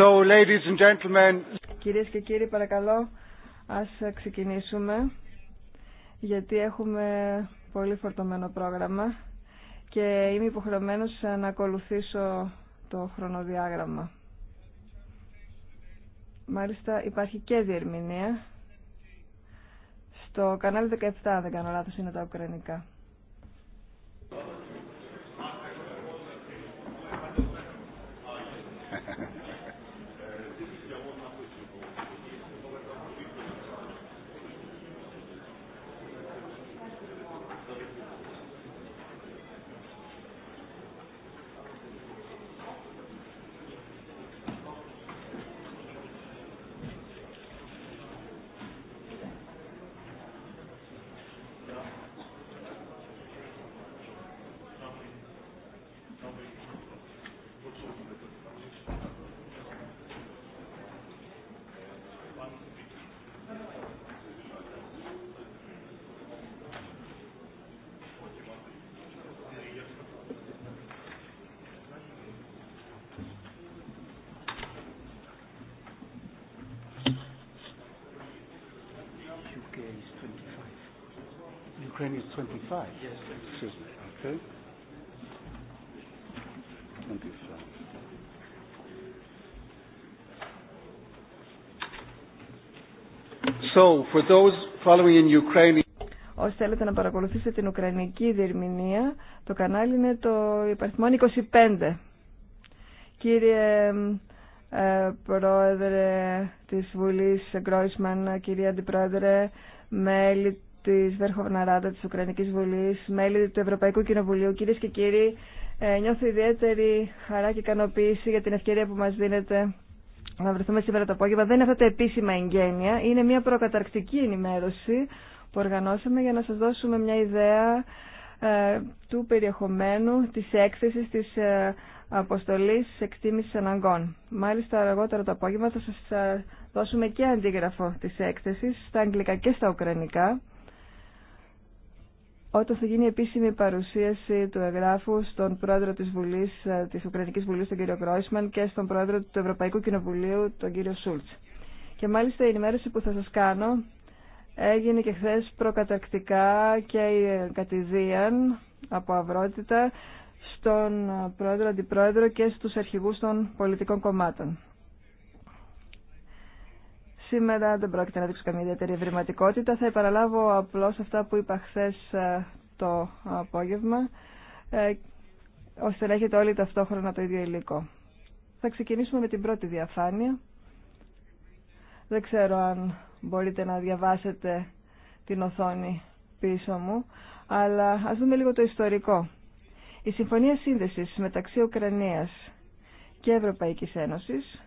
So, Κυρίες και κύριοι, παρακαλώ, ας ξεκινήσουμε, γιατί έχουμε πολύ φορτωμένο πρόγραμμα και είμαι υποχρεωμένος να ακολουθήσω το χρονοδιάγραμμα. Μάλιστα, υπάρχει και διερμηνία. Στο κανάλι 17, δεν κάνω λάθος, είναι τα ουκρανικά. 25. So, for those following in Ukraine... θέλετε να παρακολουθήσετε την Ουκρανική διερμηνία, το κανάλι είναι το υπαριθμό 25. Κύριε ε, Πρόεδρε της Βουλής Γκρόισμαν, κύριε Αντιπρόεδρε, μέλη Τη Βέρχοβνα Ράντα τη Ουκρανική Βουλή, μέλη του Ευρωπαϊκού Κοινοβουλίου, κυρίε και κύριοι, ε, νιώθω ιδιαίτερη χαρά και ικανοποίηση για την ευκαιρία που μα δίνεται να βρεθούμε σήμερα το απόγευμα. Δεν είναι αυτά τα επίσημα εγγένεια, είναι μια προκαταρκτική ενημέρωση που οργανώσαμε για να σα δώσουμε μια ιδέα ε, του περιεχομένου τη τη τη ε, αποστολή εκτίμηση αναγκών. Μάλιστα αργότερα το απόγευμα θα σα δώσουμε και αντίγραφο της έκθεσης στα αγγλικά και στα ουκρανικά όταν θα γίνει επίσημη παρουσίαση του εγγράφου στον πρόεδρο της Βουλής, ε, της Ουκρανικής Βουλής, τον κύριο Κρόισμαν και στον πρόεδρο του Ευρωπαϊκού Κοινοβουλίου, τον κύριο Σούλτς. Και μάλιστα η ενημέρωση που θα σας κάνω έγινε και χθε προκατακτικά και ε, κατηδίαν από αυρότητα στον πρόεδρο, αντιπρόεδρο και στους αρχηγούς των πολιτικών κομμάτων. Σήμερα δεν πρόκειται να δείξω καμία ιδιαίτερη ευρηματικότητα. Θα επαναλάβω απλώς αυτά που είπα χθε ε, το απόγευμα, ε, ώστε να έχετε όλοι ταυτόχρονα το ίδιο υλικό. Θα ξεκινήσουμε με την πρώτη διαφάνεια. Δεν ξέρω αν μπορείτε να διαβάσετε την οθόνη πίσω μου, αλλά ας δούμε λίγο το ιστορικό. Η Συμφωνία Σύνδεσης μεταξύ Ουκρανίας και Ευρωπαϊκής Ένωσης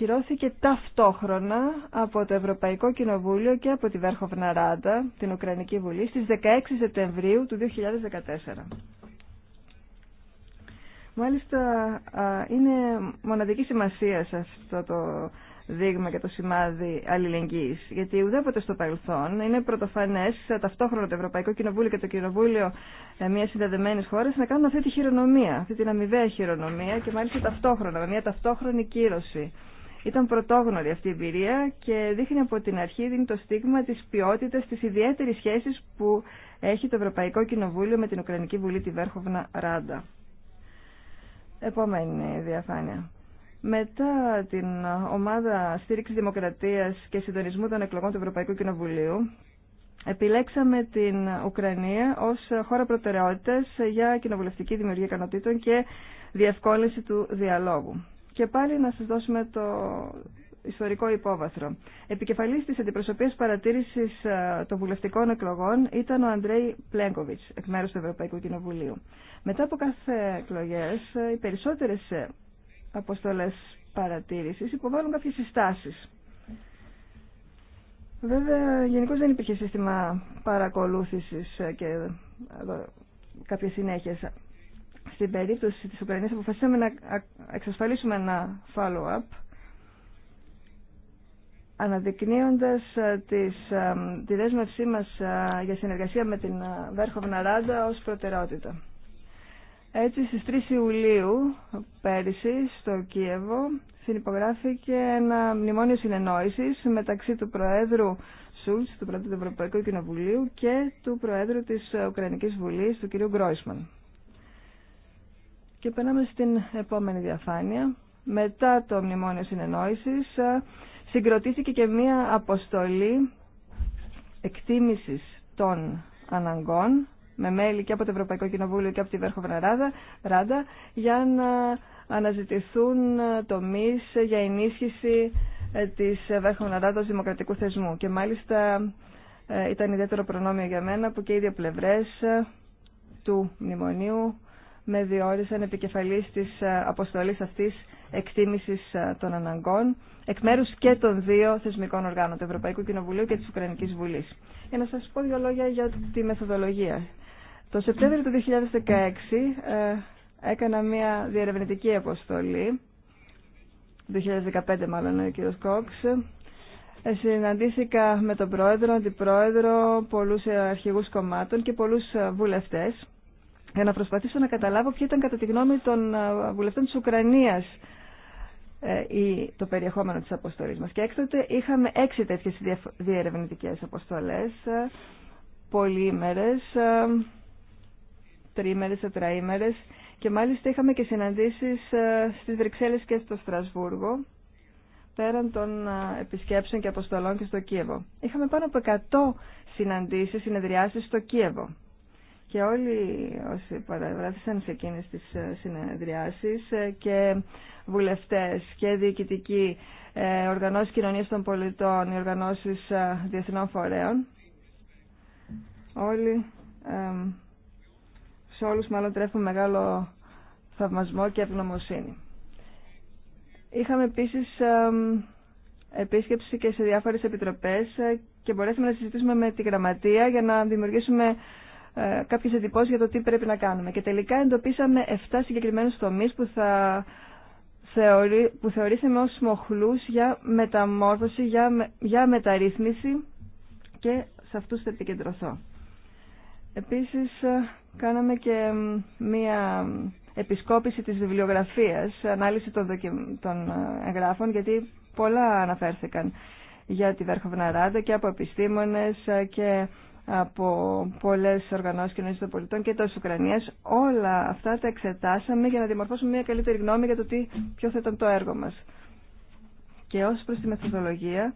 ακυρώθηκε ταυτόχρονα από το Ευρωπαϊκό Κοινοβούλιο και από τη Βέρχοβνα Ράντα, την Ουκρανική Βουλή, στις 16 Σεπτεμβρίου του 2014. Μάλιστα, είναι μοναδική σημασία σε αυτό το δείγμα και το σημάδι αλληλεγγύης. Γιατί ουδέποτε στο παρελθόν είναι πρωτοφανές ταυτόχρονα το Ευρωπαϊκό Κοινοβούλιο και το Κοινοβούλιο ε, μια συνδεδεμένη χώρα να κάνουν αυτή τη χειρονομία, αυτή την αμοιβαία χειρονομία και μάλιστα ταυτόχρονα, με μια ταυτόχρονη κύρωση. Ήταν πρωτόγνωρη αυτή η εμπειρία και δείχνει από την αρχή δίνει το στίγμα της ποιότητας της ιδιαίτερης σχέσης που έχει το Ευρωπαϊκό Κοινοβούλιο με την Ουκρανική Βουλή τη Βέρχοβνα Ράντα. Επόμενη διαφάνεια. Μετά την ομάδα στήριξη δημοκρατίας και συντονισμού των εκλογών του Ευρωπαϊκού Κοινοβουλίου, επιλέξαμε την Ουκρανία ως χώρα προτεραιότητας για κοινοβουλευτική δημιουργία ικανοτήτων και διευκόλυνση του διαλόγου. Και πάλι να σας δώσουμε το ιστορικό υπόβαθρο. Επικεφαλής της αντιπροσωπείας παρατήρησης ε, των βουλευτικών εκλογών ήταν ο Αντρέι Πλέγκοβιτς, εκ μέρους του Ευρωπαϊκού Κοινοβουλίου. Μετά από κάθε εκλογές, ε, οι περισσότερες ε, αποστολές παρατήρησης υποβάλλουν κάποιες συστάσεις. Βέβαια, γενικώ δεν υπήρχε σύστημα παρακολούθησης και κάποιες συνέχειες στην περίπτωση της Ουκρανίας αποφασίσαμε να εξασφαλίσουμε ένα follow-up αναδεικνύοντας τις, τη δέσμευσή μας για συνεργασία με την Βέρχοβνα Ράντα ως προτεραιότητα. Έτσι στις 3 Ιουλίου πέρυσι στο Κίεβο συνυπογράφηκε ένα μνημόνιο συνεννόησης μεταξύ του Προέδρου Σούλτς, του πρώτου Ευρωπαϊκού Κοινοβουλίου και του Προέδρου της Ουκρανικής Βουλής, του κ. Γκρόισμαν. Και περνάμε στην επόμενη διαφάνεια. Μετά το Μνημόνιο Συνεννόησης ε, συγκροτήθηκε και μία αποστολή εκτίμησης των αναγκών με μέλη και από το Ευρωπαϊκό Κοινοβούλιο και από τη Βέρχοβνα Ράντα για να αναζητηθούν τομείς για ενίσχυση ε, της Βέρχοβνα του δημοκρατικού θεσμού. Και μάλιστα ε, ήταν ιδιαίτερο προνόμιο για μένα που και οι δύο πλευρές του μνημονίου με διόρισαν επικεφαλής της ε, αποστολής αυτής εκτίμησης ε, των αναγκών εκ μέρου και των δύο θεσμικών οργάνων, του Ευρωπαϊκού Κοινοβουλίου και της Ουκρανικής Βουλής. Για να σας πω δύο λόγια για τη μεθοδολογία. Το Σεπτέμβριο του 2016 ε, έκανα μια διερευνητική αποστολή, 2015 μάλλον ο κ. Κόξ, συναντήθηκα με τον πρόεδρο, αντιπρόεδρο, πολλούς αρχηγούς κομμάτων και πολλούς βουλευτές για να προσπαθήσω να καταλάβω ποιο ήταν κατά τη γνώμη των ε, βουλευτών της Ουκρανίας ε, το περιεχόμενο της αποστολής μας. Και έκτοτε είχαμε έξι τέτοιες διερευνητικές αποστολές, ε, πολύήμερες, τριήμερες, τετραήμερες και μάλιστα είχαμε και συναντήσεις στις Βρυξέλλες και στο Στρασβούργο πέραν των επισκέψεων και αποστολών και στο Κίεβο. Είχαμε πάνω από 100 συναντήσεις, συνεδριάσεις στο Κίεβο και όλοι όσοι παραγράφησαν σε εκείνες τις ε, συνεδριάσεις ε, και βουλευτές και διοικητικοί, ε, οργανώσεις κοινωνίας των πολιτών, οι οργανώσεις διεθνών φορέων, όλοι, σε όλους μάλλον τρέφουν μεγάλο θαυμασμό και ευγνωμοσύνη. Είχαμε επίσης επίσκεψη και σε διάφορες επιτροπές και μπορέσαμε να συζητήσουμε με τη γραμματεία για να δημιουργήσουμε ε, κάποιες εντυπώσεις για το τι πρέπει να κάνουμε. Και τελικά εντοπίσαμε 7 συγκεκριμένους τομείς που, θα που θεωρήσαμε ως μοχλούς για μεταμόρφωση, για, για μεταρρύθμιση και σε αυτούς θα επικεντρωθώ. Επίσης, ε, κάναμε και μία επισκόπηση της βιβλιογραφίας, ανάλυση των ε, εγγράφων, γιατί πολλά αναφέρθηκαν για τη Βερχοβνα Ράντα και από επιστήμονες και από πολλές οργανώσεις κοινωνία των πολιτών και της Ουκρανίας. Όλα αυτά τα εξετάσαμε για να δημορφώσουμε μια καλύτερη γνώμη για το τι, ποιο θα ήταν το έργο μα. Και ω προ τη μεθοδολογία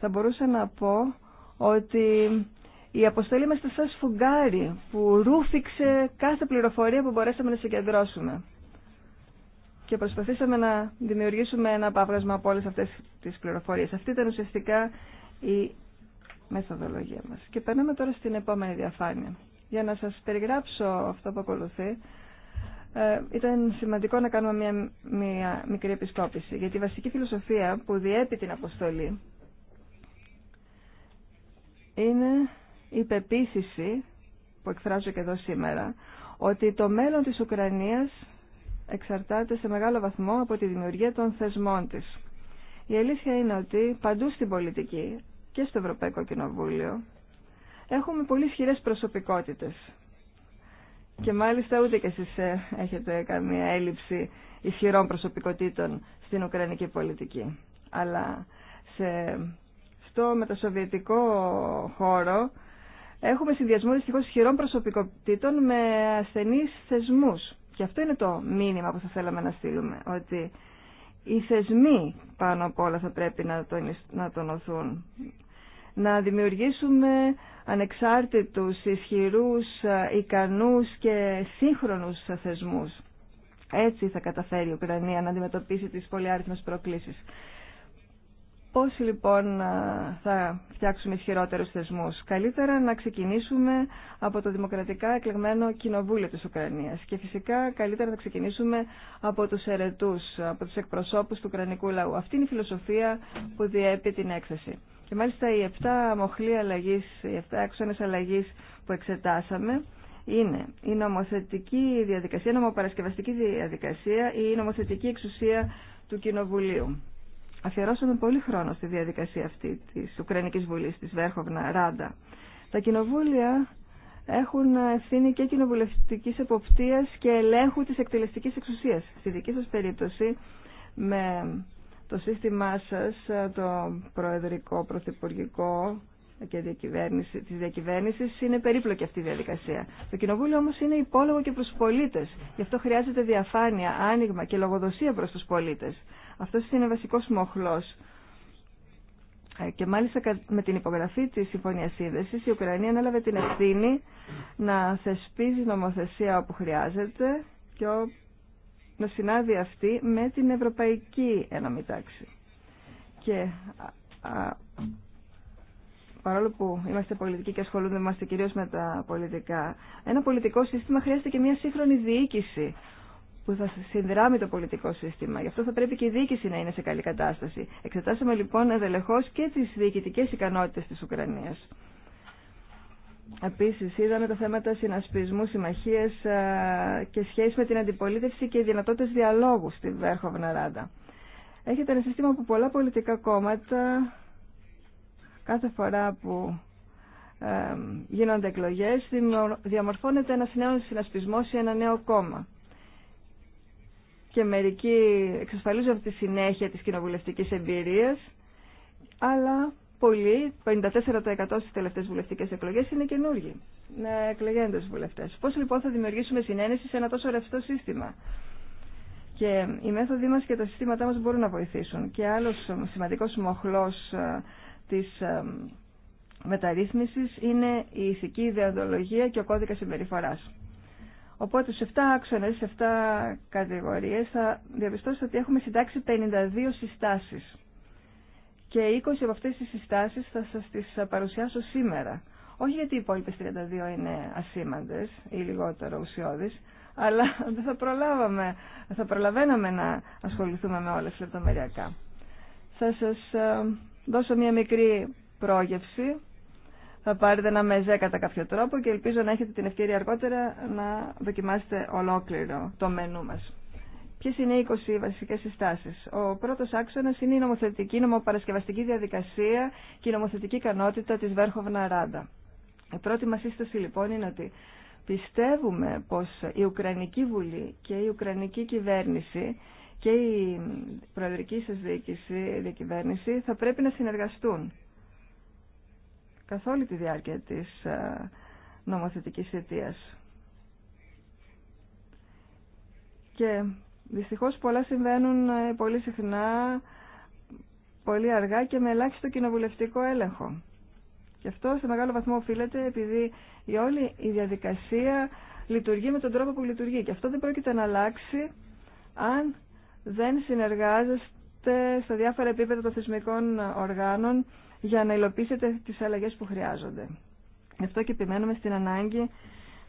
θα μπορούσα να πω ότι η αποστολή μας ήταν σαν σφουγγάρι που ρούφηξε κάθε πληροφορία που μπορέσαμε να συγκεντρώσουμε. Και προσπαθήσαμε να δημιουργήσουμε ένα απάβγασμα από όλες αυτές τις πληροφορίες. Αυτή ήταν ουσιαστικά η μεθοδολογία μας. Και περνάμε τώρα στην επόμενη διαφάνεια. Για να σας περιγράψω αυτό που ακολουθεί, ε, ήταν σημαντικό να κάνουμε μια, μια μικρή επισκόπηση, γιατί η βασική φιλοσοφία που διέπει την αποστολή είναι η πεποίθηση που εκφράζω και εδώ σήμερα, ότι το μέλλον της Ουκρανίας εξαρτάται σε μεγάλο βαθμό από τη δημιουργία των θεσμών της. Η αλήθεια είναι ότι παντού στην πολιτική, και στο Ευρωπαϊκό Κοινοβούλιο έχουμε πολύ ισχυρέ προσωπικότητες. Και μάλιστα ούτε και εσείς ε, έχετε καμία έλλειψη ισχυρών προσωπικότητων στην Ουκρανική πολιτική. Αλλά σε, στο μετασοβιετικό χώρο έχουμε συνδυασμό δυστυχώς ισχυρών προσωπικότητων με ασθενείς θεσμούς. Και αυτό είναι το μήνυμα που θα θέλαμε να στείλουμε, ότι οι θεσμοί πάνω απ' όλα θα πρέπει να, τον, να τονωθούν να δημιουργήσουμε ανεξάρτητους, ισχυρούς, ικανούς και σύγχρονους θεσμούς. Έτσι θα καταφέρει η Ουκρανία να αντιμετωπίσει τις πολυάριθμες προκλήσεις. Πώς λοιπόν θα φτιάξουμε ισχυρότερους θεσμούς. Καλύτερα να ξεκινήσουμε από το δημοκρατικά εκλεγμένο κοινοβούλιο της Ουκρανίας και φυσικά καλύτερα να ξεκινήσουμε από τους ερετούς, από τους εκπροσώπους του Ουκρανικού λαού. Αυτή είναι η φιλοσοφία που διέπει την έκθεση. Και μάλιστα οι 7 μοχλοί αλλαγή, οι 7 άξονες αλλαγή που εξετάσαμε είναι η νομοθετική διαδικασία, η νομοπαρασκευαστική διαδικασία ή η νομοθετική εξουσία του Κοινοβουλίου. Αφιερώσαμε πολύ χρόνο στη διαδικασία αυτή τη Ουκρανική Βουλή, τη Βέρχοβνα Ράντα. Τα κοινοβούλια έχουν ευθύνη και κοινοβουλευτική εποπτεία και ελέγχου τη εκτελεστική εξουσία, Στη δική σα περίπτωση, με το σύστημά σας, το προεδρικό, πρωθυπουργικό και διακυβέρνηση, διακυβέρνησης είναι περίπλοκη αυτή η διαδικασία. Το Κοινοβούλιο όμως είναι υπόλογο και προς τους πολίτες. Γι' αυτό χρειάζεται διαφάνεια, άνοιγμα και λογοδοσία προς τους πολίτες. Αυτός είναι βασικός μοχλός. Ε, και μάλιστα με την υπογραφή της Συμφωνίας Σύνδεσης η Ουκρανία ανέλαβε την ευθύνη να θεσπίζει νομοθεσία όπου χρειάζεται και να συνάδει αυτή με την ευρωπαϊκή ένωμη τάξη. Και παρόλο που είμαστε πολιτικοί και ασχολούμαστε κυρίως με τα πολιτικά, ένα πολιτικό σύστημα χρειάζεται και μια σύγχρονη διοίκηση που θα συνδράμει το πολιτικό σύστημα. Γι' αυτό θα πρέπει και η διοίκηση να είναι σε καλή κατάσταση. Εξετάσαμε λοιπόν εδελεχώς και τις διοικητικές ικανότητες της Ουκρανίας. Επίσης είδαμε τα θέματα συνασπισμού, συμμαχίες ε, και σχέση με την αντιπολίτευση και οι δυνατότητες διαλόγου στη Βέρχοβνα Ράντα. Έχετε ένα σύστημα που πολλά πολιτικά κόμματα κάθε φορά που ε, γίνονται εκλογές διαμορφώνεται ένας νέος συνασπισμός ή ένα νέο κόμμα. Και μερικοί εξασφαλίζουν αυτή τη συνέχεια της κοινοβουλευτικής εμπειρίας αλλά πολλοί, 54% στις τελευταίες βουλευτικές εκλογές, είναι καινούργοι, ναι, εκλεγέντες βουλευτές. Πώς λοιπόν θα δημιουργήσουμε συνένεση σε ένα τόσο ρευστό σύστημα. Και οι μέθοδοι μας και τα συστήματά μας μπορούν να βοηθήσουν. Και άλλος σημαντικός μοχλός ε, της ε, μεταρρύθμισης είναι η ηθική ιδεοντολογία και ο κώδικας συμπεριφορά. Οπότε σε 7 άξονες, σε 7 κατηγορίες θα διαπιστώσετε ότι έχουμε συντάξει 52 συστάσεις και 20 από αυτές τις συστάσεις θα σας τις παρουσιάσω σήμερα. Όχι γιατί οι υπόλοιπε 32 είναι ασήμαντες ή λιγότερο ουσιώδεις, αλλά δεν θα, προλάβαμε, θα προλαβαίναμε να ασχοληθούμε με όλες λεπτομεριακά. Θα σας ε, δώσω μια μικρή πρόγευση, θα πάρετε ένα μεζέ κατά κάποιο τρόπο και ελπίζω να έχετε την ευκαιρία αργότερα να δοκιμάσετε ολόκληρο το μενού μας. Ποιε είναι οι 20 βασικέ συστάσει. Ο πρώτο άξονα είναι η νομοθετική, νομοπαρασκευαστική διαδικασία και η νομοθετική ικανότητα τη Βέρχοβνα Ράντα. Η πρώτη μα σύσταση λοιπόν είναι ότι πιστεύουμε πως η Ουκρανική Βουλή και η Ουκρανική Κυβέρνηση και η Προεδρική σα Διοίκηση, Διακυβέρνηση θα πρέπει να συνεργαστούν καθ' όλη τη διάρκεια τη ε, νομοθετική αιτία. Και Δυστυχώς πολλά συμβαίνουν ε, πολύ συχνά, πολύ αργά και με ελάχιστο κοινοβουλευτικό έλεγχο. Και αυτό σε μεγάλο βαθμό οφείλεται επειδή η όλη η διαδικασία λειτουργεί με τον τρόπο που λειτουργεί. Και αυτό δεν πρόκειται να αλλάξει αν δεν συνεργάζεστε στα διάφορα επίπεδα των θεσμικών οργάνων για να υλοποιήσετε τις αλλαγές που χρειάζονται. Γι' αυτό και επιμένουμε στην ανάγκη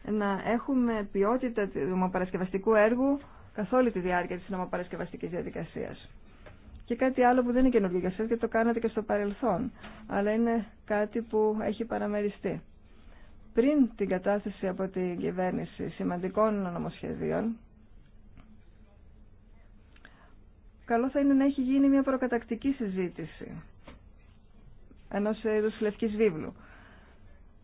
να έχουμε ποιότητα του δημοπαρασκευαστικού έργου καθ' όλη τη διάρκεια τη νομοπαρασκευαστική διαδικασία. Και κάτι άλλο που δεν είναι καινούργιο για το κάνατε και στο παρελθόν, αλλά είναι κάτι που έχει παραμεριστεί. Πριν την κατάσταση από την κυβέρνηση σημαντικών νομοσχεδίων, καλό θα είναι να έχει γίνει μια προκατακτική συζήτηση ενός είδου λευκής βίβλου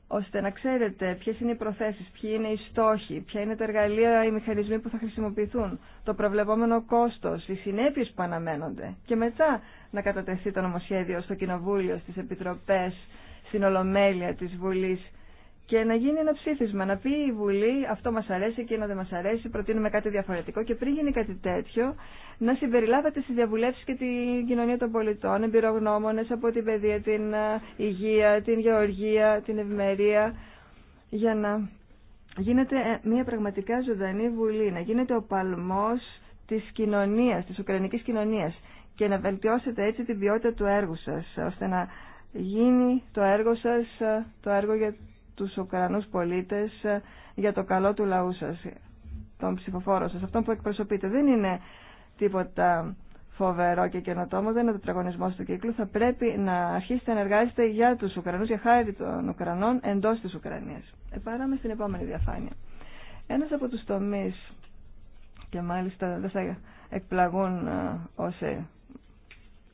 ώστε να ξέρετε ποιε είναι οι προθέσει, ποιοι είναι οι στόχοι, ποια είναι τα εργαλεία, οι μηχανισμοί που θα χρησιμοποιηθούν, το προβλεπόμενο κόστο, οι συνέπειε που αναμένονται. Και μετά να κατατεθεί το νομοσχέδιο στο Κοινοβούλιο, στι Επιτροπέ, στην Ολομέλεια τη Βουλή και να γίνει ένα ψήφισμα, να πει η Βουλή αυτό μας αρέσει, εκείνο δεν μας αρέσει, προτείνουμε κάτι διαφορετικό και πριν γίνει κάτι τέτοιο να συμπεριλάβετε στι διαβουλεύσει και την κοινωνία των πολιτών, εμπειρογνώμονες από την παιδεία, την ε, υγεία, την γεωργία, την ευημερία για να γίνεται ε, μια πραγματικά ζωντανή Βουλή, να γίνεται ο παλμός της κοινωνίας, της Ουκρανικής κοινωνίας και να βελτιώσετε έτσι την ποιότητα του έργου σας, ώστε να γίνει το έργο σας ε, το έργο για τους Ουκρανούς πολίτες ε, για το καλό του λαού σας, τον ψηφοφόρο σας, αυτόν που εκπροσωπείτε. Δεν είναι τίποτα φοβερό και καινοτόμο, δεν είναι το τραγωνισμό του κύκλου. Θα πρέπει να αρχίσετε να εργάζεστε για τους Ουκρανούς, για χάρη των Ουκρανών εντός της Ουκρανίας. Επάραμε στην επόμενη διαφάνεια. Ένας από τους τομείς, και μάλιστα δεν θα εκπλαγούν ε, όσοι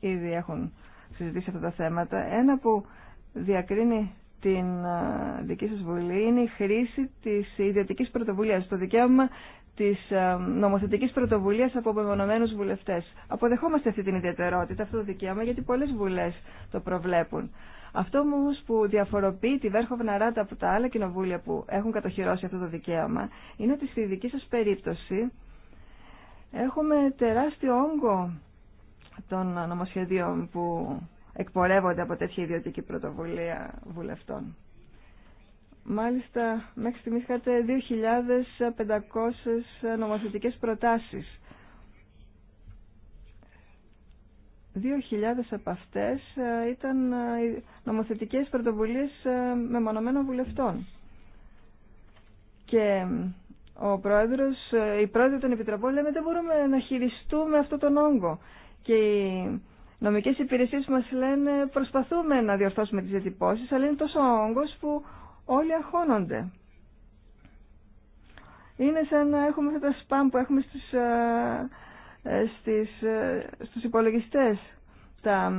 ήδη έχουν συζητήσει αυτά τα θέματα, ένα που διακρίνει την ε, δική σας βουλή είναι η χρήση της ιδιωτικής πρωτοβουλίας, το δικαίωμα της ε, νομοθετικής πρωτοβουλίας από μεμονωμένους βουλευτές. Αποδεχόμαστε αυτή την ιδιαιτερότητα, αυτό το δικαίωμα, γιατί πολλές βουλές το προβλέπουν. Αυτό όμω που διαφοροποιεί τη Βέρχοβνα Ράτα από τα άλλα κοινοβούλια που έχουν κατοχυρώσει αυτό το δικαίωμα είναι ότι στη δική σας περίπτωση έχουμε τεράστιο όγκο των νομοσχεδίων που εκπορεύονται από τέτοια ιδιωτική πρωτοβουλία βουλευτών. Μάλιστα, μέχρι στιγμή είχατε 2.500 νομοθετικές προτάσεις. 2.000 από αυτές ε, ήταν ε, νομοθετικές πρωτοβουλίες ε, μεμονωμένων βουλευτών. Και ο πρόεδρος, η πρόεδρο των επιτροπών λέμε δεν μπορούμε να χειριστούμε αυτό τον όγκο. Και νομικές υπηρεσίες μας λένε προσπαθούμε να διορθώσουμε τις διατυπώσεις, αλλά είναι τόσο όγκος που όλοι αγχώνονται. Είναι σαν να έχουμε αυτά τα spam που έχουμε στους, ε, ε, στις, ε, στους υπολογιστές, τα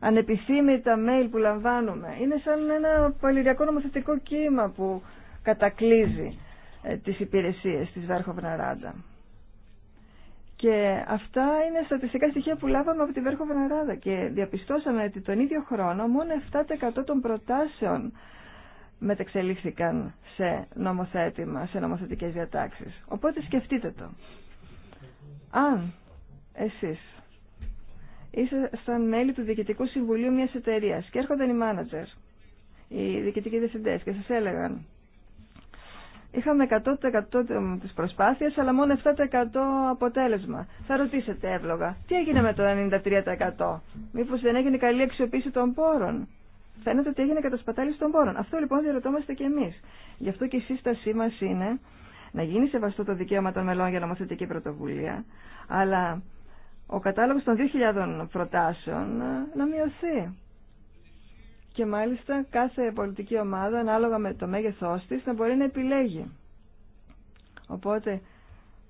ανεπιθύμητα mail που λαμβάνουμε. Είναι σαν ένα παλιριακό νομοθετικό κύμα που κατακλείζει τις υπηρεσίες της Βέρχοβνα Ράντα. Και αυτά είναι στατιστικά στοιχεία που λάβαμε από τη Βέρχο Βεναράδα και διαπιστώσαμε ότι τον ίδιο χρόνο μόνο 7% των προτάσεων μετεξελίχθηκαν σε νομοθέτημα, σε νομοθετικές διατάξεις. Οπότε σκεφτείτε το. Αν εσείς ήσασταν μέλη του Διοικητικού Συμβουλίου μιας εταιρείας και έρχονταν οι μάνατζερ, οι διοικητικοί διευθυντές και σας έλεγαν Είχαμε 100% της προσπάθειας, αλλά μόνο 7% αποτέλεσμα. Θα ρωτήσετε εύλογα, τι έγινε με το 93%? Μήπως δεν έγινε καλή αξιοποίηση των πόρων? Φαίνεται ότι έγινε κατασπατάληση των πόρων. Αυτό λοιπόν διαρωτόμαστε και εμείς. Γι' αυτό και η σύστασή μας είναι να γίνει σεβαστό το δικαίωμα των μελών για νομοθετική πρωτοβουλία, αλλά ο κατάλογος των 2.000 προτάσεων ε, να μειωθεί και μάλιστα κάθε πολιτική ομάδα ανάλογα με το μέγεθός της να μπορεί να επιλέγει. Οπότε,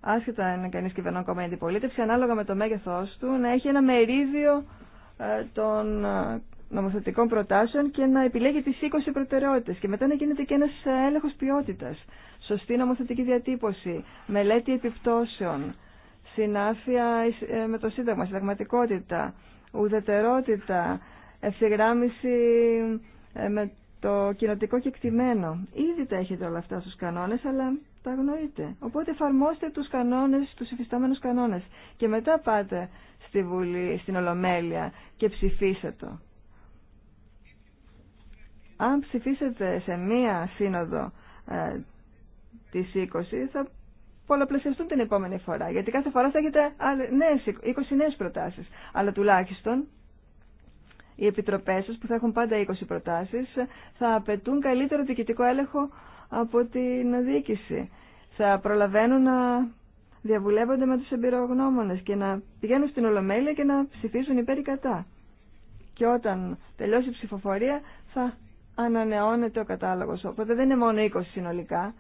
άσχετα αν είναι κανείς κυβερνών κόμμα ή αντιπολίτευση, ανάλογα με το μέγεθός του να έχει ένα μερίδιο ε, των ε, νομοθετικών προτάσεων και να επιλέγει τις 20 προτεραιότητες και μετά να γίνεται και ένας ε, έλεγχος ποιότητας. Σωστή νομοθετική διατύπωση, μελέτη επιπτώσεων, συνάφεια με το Σύνταγμα, συνταγματικότητα, ουδετερότητα, ευθυγράμμιση ε, με το κοινοτικό κεκτημένο. Ήδη τα έχετε όλα αυτά στους κανόνες, αλλά τα γνωρίτε. Οπότε εφαρμόστε τους κανόνες, τους υφιστάμενους κανόνες και μετά πάτε στη Βουλή, στην Ολομέλεια και ψηφίσετε. το. Αν ψηφίσετε σε μία σύνοδο ε, της 20 θα πολλαπλασιαστούν την επόμενη φορά. Γιατί κάθε φορά θα έχετε 20 νέες προτάσεις. Αλλά τουλάχιστον οι επιτροπές σα που θα έχουν πάντα 20 προτάσεις θα απαιτούν καλύτερο διοικητικό έλεγχο από την διοίκηση. Θα προλαβαίνουν να διαβουλεύονται με τους εμπειρογνώμονες και να πηγαίνουν στην Ολομέλεια και να ψηφίσουν υπέρ ή κατά. Και όταν τελειώσει και οταν τελειωσει η ψηφοφορια θα ανανεώνεται ο κατάλογος. Οπότε δεν είναι μόνο 20 συνολικά,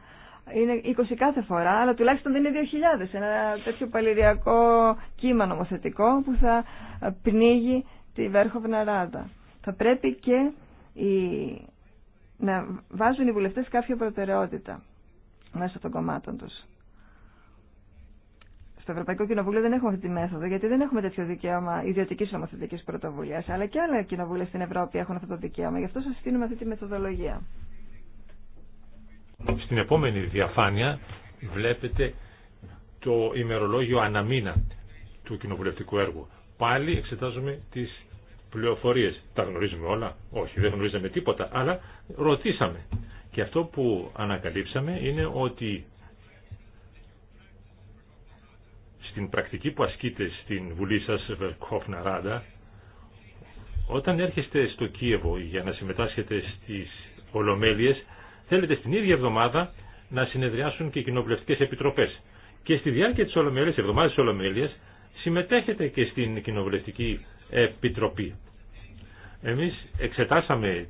είναι 20 κάθε φορά, αλλά τουλάχιστον δεν είναι 2.000. Ένα τέτοιο παλιριακό κύμα νομοθετικό που θα πνίγει στη Βέρχοβνα Ράδα. Θα πρέπει και οι... να βάζουν οι βουλευτές κάποια προτεραιότητα μέσα των κομμάτων τους. Στο Ευρωπαϊκό Κοινοβούλιο δεν έχουμε αυτή τη μέθοδο, γιατί δεν έχουμε τέτοιο δικαίωμα ιδιωτική νομοθετική πρωτοβουλία. Αλλά και άλλα κοινοβούλια στην Ευρώπη έχουν αυτό το δικαίωμα. Γι' αυτό σα στείλουμε αυτή τη μεθοδολογία. Στην επόμενη διαφάνεια βλέπετε το ημερολόγιο αναμήνα του κοινοβουλευτικού έργου. Πάλι εξετάζουμε τις πληροφορίες. Τα γνωρίζουμε όλα. Όχι, δεν γνωρίζαμε τίποτα, αλλά ρωτήσαμε. Και αυτό που ανακαλύψαμε είναι ότι στην πρακτική που ασκείτε στην Βουλή σας, Βερκόφνα Ράντα, όταν έρχεστε στο Κίεβο για να συμμετάσχετε στις Ολομέλειες, θέλετε στην ίδια εβδομάδα να συνεδριάσουν και οι κοινοβουλευτικές επιτροπές. Και στη διάρκεια της Ολομέλειας, εβδομάδας της Ολομέλειας, συμμετέχετε και στην κοινοβουλευτική Επιτροπή. Εμείς εξετάσαμε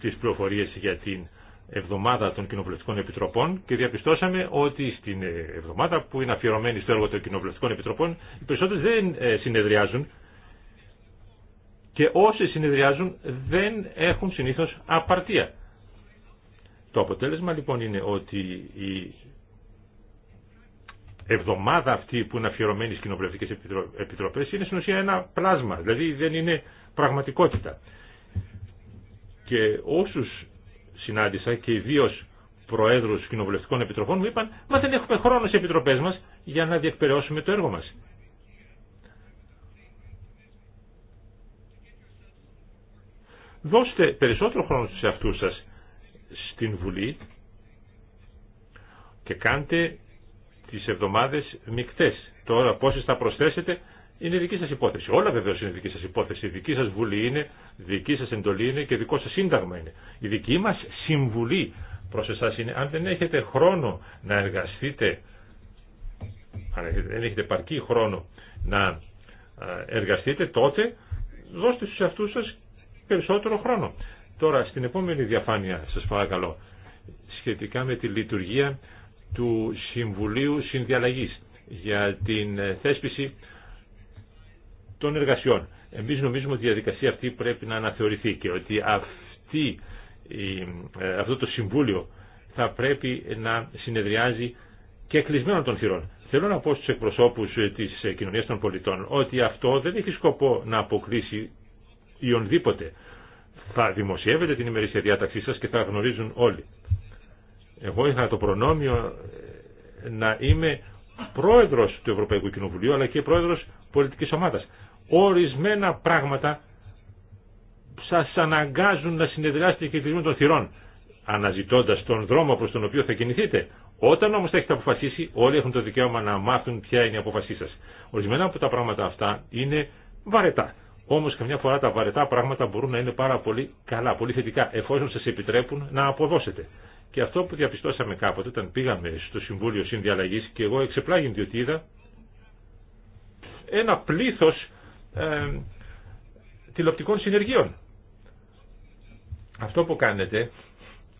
τις πληροφορίες για την εβδομάδα των κοινοβουλευτικών επιτροπών και διαπιστώσαμε ότι στην εβδομάδα που είναι αφιερωμένη στο έργο των κοινοβουλευτικών επιτροπών οι περισσότερες δεν ε, συνεδριάζουν και όσοι συνεδριάζουν δεν έχουν συνήθως απαρτία. Το αποτέλεσμα λοιπόν είναι ότι οι εβδομάδα αυτή που είναι αφιερωμένη στις κοινοβουλευτικές επιτροπές είναι στην ουσία ένα πλάσμα, δηλαδή δεν είναι πραγματικότητα. Και όσους συνάντησα και ιδίω προέδρους κοινοβουλευτικών επιτροπών μου είπαν «Μα δεν έχουμε χρόνο σε επιτροπές μας για να διεκπαιρεώσουμε το έργο μας». Δώστε περισσότερο χρόνο σε αυτούς σας στην Βουλή και κάντε τις εβδομάδες μικτές. Τώρα πόσες θα προσθέσετε είναι δική σας υπόθεση. Όλα βεβαίως είναι δική σας υπόθεση. Η δική σας βουλή είναι, δική σας εντολή είναι και δικό σας σύνταγμα είναι. Η δική μας συμβουλή προς εσάς είναι αν δεν έχετε χρόνο να εργαστείτε, αν δεν έχετε παρκή χρόνο να εργαστείτε τότε δώστε στους αυτούς σας περισσότερο χρόνο. Τώρα στην επόμενη διαφάνεια σας παρακαλώ σχετικά με τη λειτουργία του Συμβουλίου Συνδιαλλαγής για την ε, θέσπιση των εργασιών. Εμείς νομίζουμε ότι η διαδικασία αυτή πρέπει να αναθεωρηθεί και ότι αυτή, ε, αυτό το Συμβούλιο θα πρέπει να συνεδριάζει και κλεισμένο των θυρών. Θέλω να πω στους εκπροσώπους ε, της κοινωνίας των πολιτών ότι αυτό δεν έχει σκοπό να αποκλείσει ιονδήποτε. Θα δημοσιεύετε την ημερήσια διάταξή σας και θα γνωρίζουν όλοι. Εγώ είχα το προνόμιο ε, να είμαι πρόεδρος του Ευρωπαϊκού Κοινοβουλίου αλλά και πρόεδρος πολιτικής ομάδας. Ορισμένα πράγματα σας αναγκάζουν να συνεδριάσετε και κλεισμένο των θυρών αναζητώντας τον δρόμο προς τον οποίο θα κινηθείτε. Όταν όμως θα έχετε αποφασίσει όλοι έχουν το δικαίωμα να μάθουν ποια είναι η αποφασή σας. Ορισμένα από τα πράγματα αυτά είναι βαρετά. Όμως καμιά φορά τα βαρετά πράγματα μπορούν να είναι πάρα πολύ καλά, πολύ θετικά, εφόσον σας επιτρέπουν να αποδώσετε. Και αυτό που διαπιστώσαμε κάποτε όταν πήγαμε στο Συμβούλιο Συνδιαλλαγή και εγώ εξεπλάγει διότι είδα ένα πλήθο ε, τηλεοπτικών συνεργείων. Αυτό που κάνετε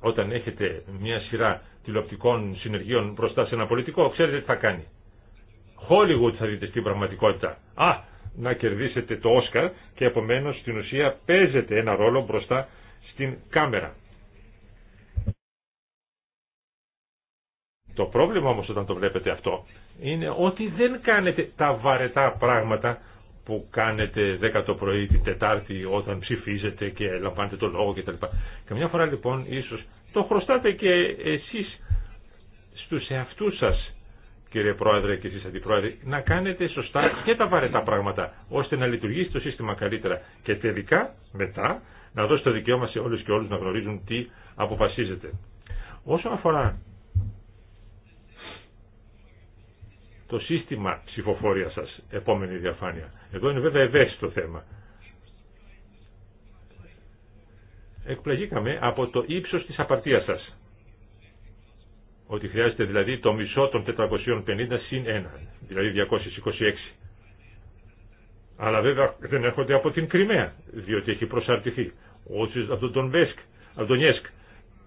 όταν έχετε μια σειρά τηλεοπτικών συνεργείων μπροστά σε ένα πολιτικό, ξέρετε τι θα κάνει. Hollywood θα δείτε στην πραγματικότητα. Α, να κερδίσετε το Όσκαρ και επομένως στην ουσία παίζετε ένα ρόλο μπροστά στην κάμερα. Το πρόβλημα όμως όταν το βλέπετε αυτό είναι ότι δεν κάνετε τα βαρετά πράγματα που κάνετε 10 το πρωί την Τετάρτη όταν ψηφίζετε και λαμβάνετε το λόγο κτλ. Καμιά φορά λοιπόν ίσως το χρωστάτε και εσείς στους εαυτούς σας κύριε Πρόεδρε και εσείς Αντιπρόεδρε να κάνετε σωστά και τα βαρετά πράγματα ώστε να λειτουργήσει το σύστημα καλύτερα και τελικά μετά να δώσει το δικαίωμα σε όλους και όλους να γνωρίζουν τι αποφασίζετε. Όσον αφορά το σύστημα ψηφοφόρια σας. Επόμενη διαφάνεια. Εδώ είναι βέβαια ευαίσθητο θέμα. Εκπλαγήκαμε από το ύψος της απαρτίας σας. Ότι χρειάζεται δηλαδή το μισό των 450 συν 1, δηλαδή 226. Αλλά βέβαια δεν έρχονται από την Κρυμαία, διότι έχει προσαρτηθεί. Όχι από τον Βέσκ, από τον Νιέσκ,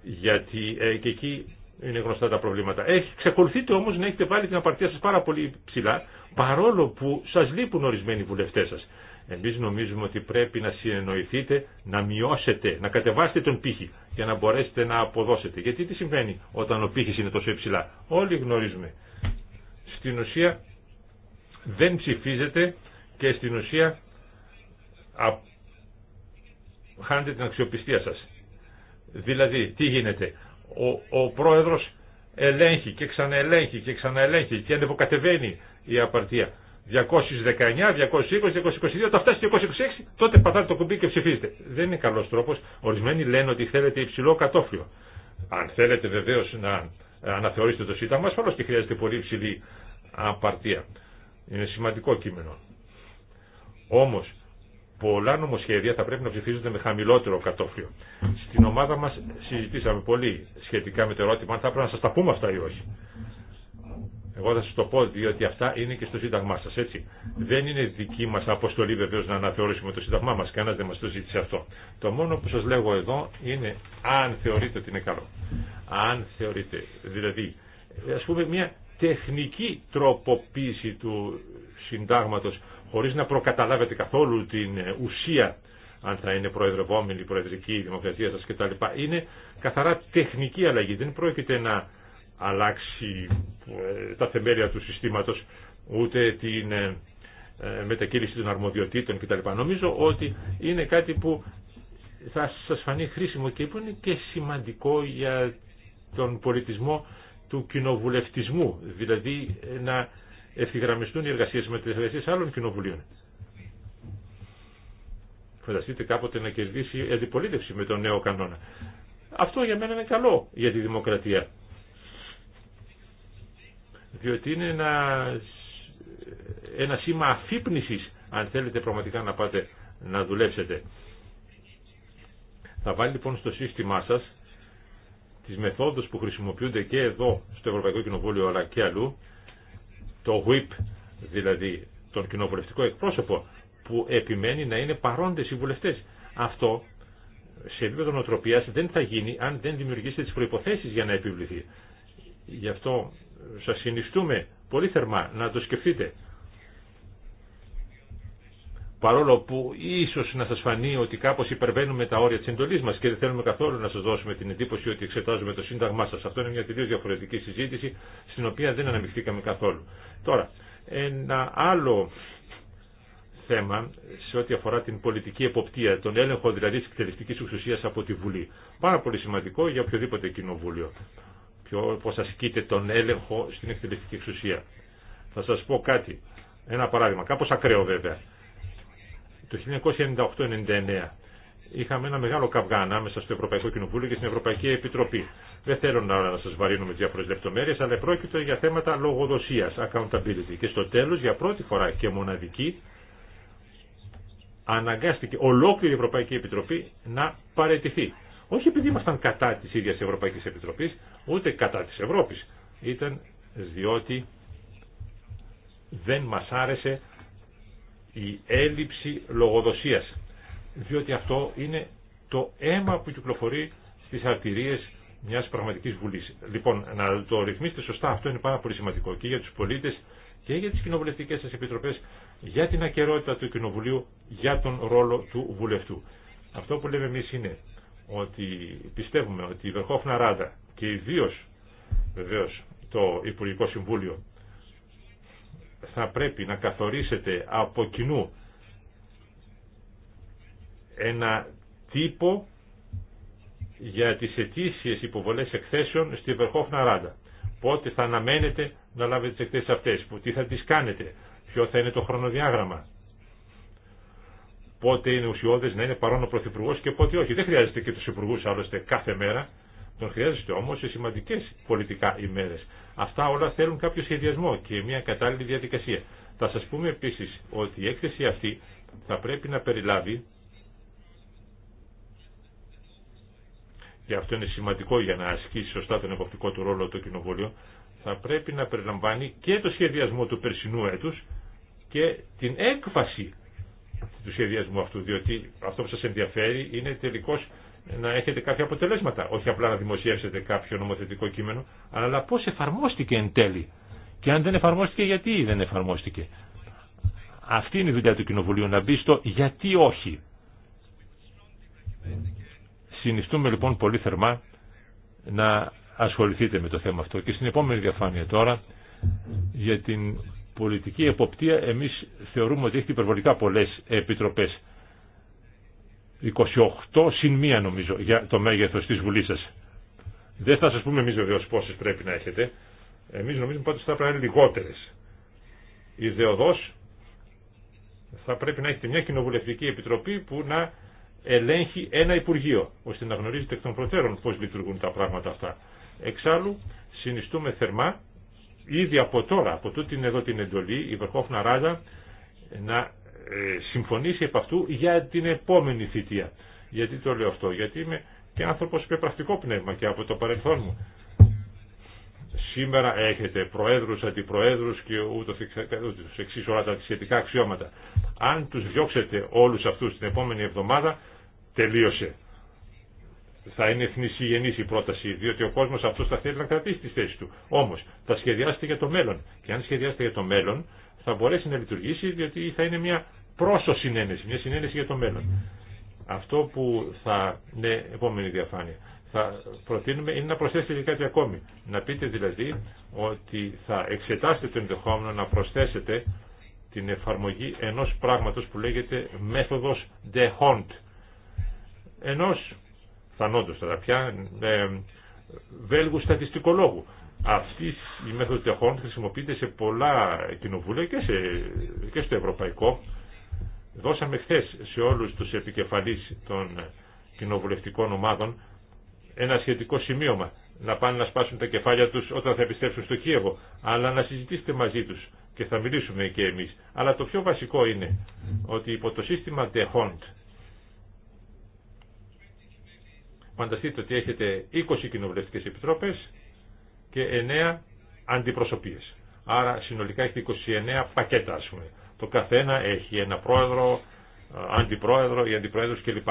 γιατί ε, και εκεί είναι γνωστά τα προβλήματα. Έχει, ξεκολουθείτε όμως να έχετε βάλει την απαρτία σας πάρα πολύ ψηλά, παρόλο που σας λείπουν ορισμένοι βουλευτές σας. Εμείς νομίζουμε ότι πρέπει να συνεννοηθείτε, να μειώσετε, να κατεβάσετε τον πύχη για να μπορέσετε να αποδώσετε. Γιατί τι συμβαίνει όταν ο πύχης είναι τόσο υψηλά. Όλοι γνωρίζουμε. Στην ουσία δεν ψηφίζετε και στην ουσία χάνετε την αξιοπιστία σας. Δηλαδή, τι γίνεται ο, ο πρόεδρος ελέγχει και ξαναελέγχει και ξαναελέγχει και ανεβοκατεβαίνει η απαρτία. 219, 220, 222, τα φτάσει 226, τότε πατάτε το κουμπί και ψηφίζετε. Δεν είναι καλός τρόπος. Ορισμένοι λένε ότι θέλετε υψηλό κατόφλιο. Αν θέλετε βεβαίως να αναθεωρήσετε το Σύνταγμα, ασφαλώς και χρειάζεται πολύ υψηλή απαρτία. Είναι σημαντικό κείμενο. Όμως, πολλά νομοσχέδια θα πρέπει να ψηφίζονται με χαμηλότερο κατόφλιο. Στην ομάδα μας συζητήσαμε πολύ σχετικά με το ερώτημα αν θα πρέπει να σας τα πούμε αυτά ή όχι. Εγώ θα σας το πω διότι αυτά είναι και στο Σύνταγμά σας, έτσι. Δεν είναι δική μας αποστολή βεβαίω να αναθεωρήσουμε το Σύνταγμά μας, κανένας δεν μας το ζήτησε αυτό. Το μόνο που σας λέγω εδώ είναι αν θεωρείτε ότι είναι καλό. Αν θεωρείτε, δηλαδή, ας πούμε μια τεχνική τροποποίηση του συντάγματο χωρίς να προκαταλάβετε καθόλου την ε, ουσία αν θα είναι προεδρευόμενη η προεδρική δημοκρατία σας κτλ. Είναι καθαρά τεχνική αλλαγή. Δεν πρόκειται να αλλάξει ε, τα θεμέλια του συστήματος ούτε την ε, μετακύληση των αρμοδιοτήτων κτλ. Νομίζω ότι είναι κάτι που θα σας φανεί χρήσιμο και που είναι και σημαντικό για τον πολιτισμό του κοινοβουλευτισμού. Δηλαδή να ευθυγραμμιστούν οι εργασίες με τις εργασίες άλλων κοινοβουλίων. Φανταστείτε κάποτε να κερδίσει αντιπολίτευση με τον νέο κανόνα. Αυτό για μένα είναι καλό για τη δημοκρατία. Διότι είναι ένα, σήμα αφύπνισης αν θέλετε πραγματικά να πάτε να δουλέψετε. Θα βάλει λοιπόν στο σύστημά σας τις μεθόδους που χρησιμοποιούνται και εδώ στο Ευρωπαϊκό Κοινοβούλιο αλλά και αλλού το WIP, δηλαδή τον κοινοβουλευτικό εκπρόσωπο, που επιμένει να είναι παρόντες οι βουλευτές. Αυτό σε επίπεδο νοοτροπίας δεν θα γίνει αν δεν δημιουργήσετε τις προϋποθέσεις για να επιβληθεί. Γι' αυτό σας συνιστούμε πολύ θερμά να το σκεφτείτε παρόλο που ίσω να σα φανεί ότι κάπω υπερβαίνουμε τα όρια τη εντολής μα και δεν θέλουμε καθόλου να σα δώσουμε την εντύπωση ότι εξετάζουμε το σύνταγμά σα. Αυτό είναι μια τελείω διαφορετική συζήτηση στην οποία δεν αναμειχθήκαμε καθόλου. Τώρα, ένα άλλο θέμα σε ό,τι αφορά την πολιτική εποπτεία, τον έλεγχο δηλαδή τη εκτελεστική εξουσία από τη Βουλή. Πάρα πολύ σημαντικό για οποιοδήποτε κοινοβούλιο. Ποιο, πώς ασκείται τον έλεγχο στην εκτελεστική εξουσία. Θα σα πω κάτι. Ένα παράδειγμα, κάπω ακραίο βέβαια. Το 1998-99 είχαμε ένα μεγάλο καυγά ανάμεσα στο Ευρωπαϊκό Κοινοβούλιο και στην Ευρωπαϊκή Επιτροπή. Δεν θέλω να σα βαρύνω με διάφορε λεπτομέρειε, αλλά πρόκειται για θέματα λογοδοσία, accountability. Και στο τέλο, για πρώτη φορά και μοναδική, αναγκάστηκε ολόκληρη η Ευρωπαϊκή Επιτροπή να παρετηθεί. Όχι επειδή ήμασταν κατά τη ίδια Ευρωπαϊκή Επιτροπή, ούτε κατά τη Ευρώπη. Ήταν διότι δεν μας άρεσε η έλλειψη λογοδοσίας διότι αυτό είναι το αίμα που κυκλοφορεί στις αρτηρίες μιας πραγματικής βουλής. Λοιπόν, να το ρυθμίσετε σωστά, αυτό είναι πάρα πολύ σημαντικό και για τους πολίτες και για τις κοινοβουλευτικές σας επιτροπές, για την ακερότητα του Κοινοβουλίου, για τον ρόλο του βουλευτού. Αυτό που λέμε εμείς είναι ότι πιστεύουμε ότι η Βερχόφνα Ράντα και ιδίω βεβαίω το Υπουργικό Συμβούλιο θα πρέπει να καθορίσετε από κοινού ένα τύπο για τις ετήσιες υποβολές εκθέσεων στη Βερχόφνα Ράντα. Πότε θα αναμένετε να λάβετε τις εκθέσεις αυτές, τι θα τις κάνετε, ποιο θα είναι το χρονοδιάγραμμα, πότε είναι ουσιώδες να είναι παρόν ο Πρωθυπουργός και πότε όχι. Δεν χρειάζεται και τους υπουργούς άλλωστε κάθε μέρα. Τον χρειάζεται όμω σε σημαντικέ πολιτικά ημέρε. Αυτά όλα θέλουν κάποιο σχεδιασμό και μια κατάλληλη διαδικασία. Θα σα πούμε επίση ότι η έκθεση αυτή θα πρέπει να περιλάβει και αυτό είναι σημαντικό για να ασκήσει σωστά τον εποπτικό του ρόλο το κοινοβούλιο, θα πρέπει να περιλαμβάνει και το σχεδιασμό του περσινού έτους και την έκβαση του σχεδιασμού αυτού, διότι αυτό που σας ενδιαφέρει είναι τελικώς να έχετε κάποια αποτελέσματα. Όχι απλά να δημοσιεύσετε κάποιο νομοθετικό κείμενο, αλλά πώς εφαρμόστηκε εν τέλει. Και αν δεν εφαρμόστηκε, γιατί δεν εφαρμόστηκε. Αυτή είναι η δουλειά του Κοινοβουλίου, να μπει στο γιατί όχι. Συνιστούμε λοιπόν πολύ θερμά να ασχοληθείτε με το θέμα αυτό. Και στην επόμενη διαφάνεια τώρα, για την πολιτική εποπτεία, εμείς θεωρούμε ότι έχει υπερβολικά πολλές επιτροπές. 28 συν 1 νομίζω για το μέγεθος της Βουλής σας. Δεν θα σας πούμε εμείς βεβαίως πόσες πρέπει να έχετε. Εμείς νομίζουμε πάντως θα πρέπει να είναι λιγότερες. Ιδεοδός θα πρέπει να έχετε μια κοινοβουλευτική επιτροπή που να ελέγχει ένα Υπουργείο, ώστε να γνωρίζετε εκ των προτέρων πώς λειτουργούν τα πράγματα αυτά. Εξάλλου, συνιστούμε θερμά, ήδη από τώρα, από τούτην εδώ την εντολή, η Βερχόφνα Ράζα να ε, συμφωνήσει επ' αυτού για την επόμενη θητεία. Γιατί το λέω αυτό, γιατί είμαι και άνθρωπος με πρακτικό πνεύμα και από το παρελθόν μου. Σήμερα έχετε προέδρους, αντιπροέδρους και ούτως εξής όλα τα σχετικά αξιώματα. Αν τους διώξετε όλους αυτούς την επόμενη εβδομάδα, τελείωσε. Θα είναι θνησιγενής η πρόταση, διότι ο κόσμος αυτός θα θέλει να κρατήσει τη θέση του. Όμως, θα σχεδιάσετε για το μέλλον. Και αν σχεδιάσετε για το μέλλον, θα μπορέσει να λειτουργήσει, διότι θα είναι μια πρόσω συνένεση, μια συνένεση για το μέλλον. Αυτό που θα, ναι, επόμενη διαφάνεια, θα προτείνουμε είναι να προσθέσετε κάτι ακόμη. Να πείτε δηλαδή ότι θα εξετάσετε το ενδεχόμενο να προσθέσετε την εφαρμογή ενός πράγματος που λέγεται μέθοδος de Hont. Ενός θανόντος τώρα πια ε, Βέλγου στατιστικολόγου. Αυτή η μέθοδος de χρησιμοποιείται σε πολλά κοινοβούλια και, σε, και στο ευρωπαϊκό Δώσαμε χθε σε όλους τους επικεφαλείς των κοινοβουλευτικών ομάδων ένα σχετικό σημείωμα να πάνε να σπάσουν τα κεφάλια τους όταν θα επιστρέψουν στο Κίεβο, αλλά να συζητήσετε μαζί τους και θα μιλήσουμε και εμείς. Αλλά το πιο βασικό είναι ότι υπό το σύστημα The Hunt φανταστείτε ότι έχετε 20 κοινοβουλευτικές επιτρόπες και 9 αντιπροσωπείες. Άρα συνολικά έχετε 29 πακέτα, ας πούμε. Το καθένα έχει ένα πρόεδρο, αντιπρόεδρο ή αντιπρόεδρος κλπ.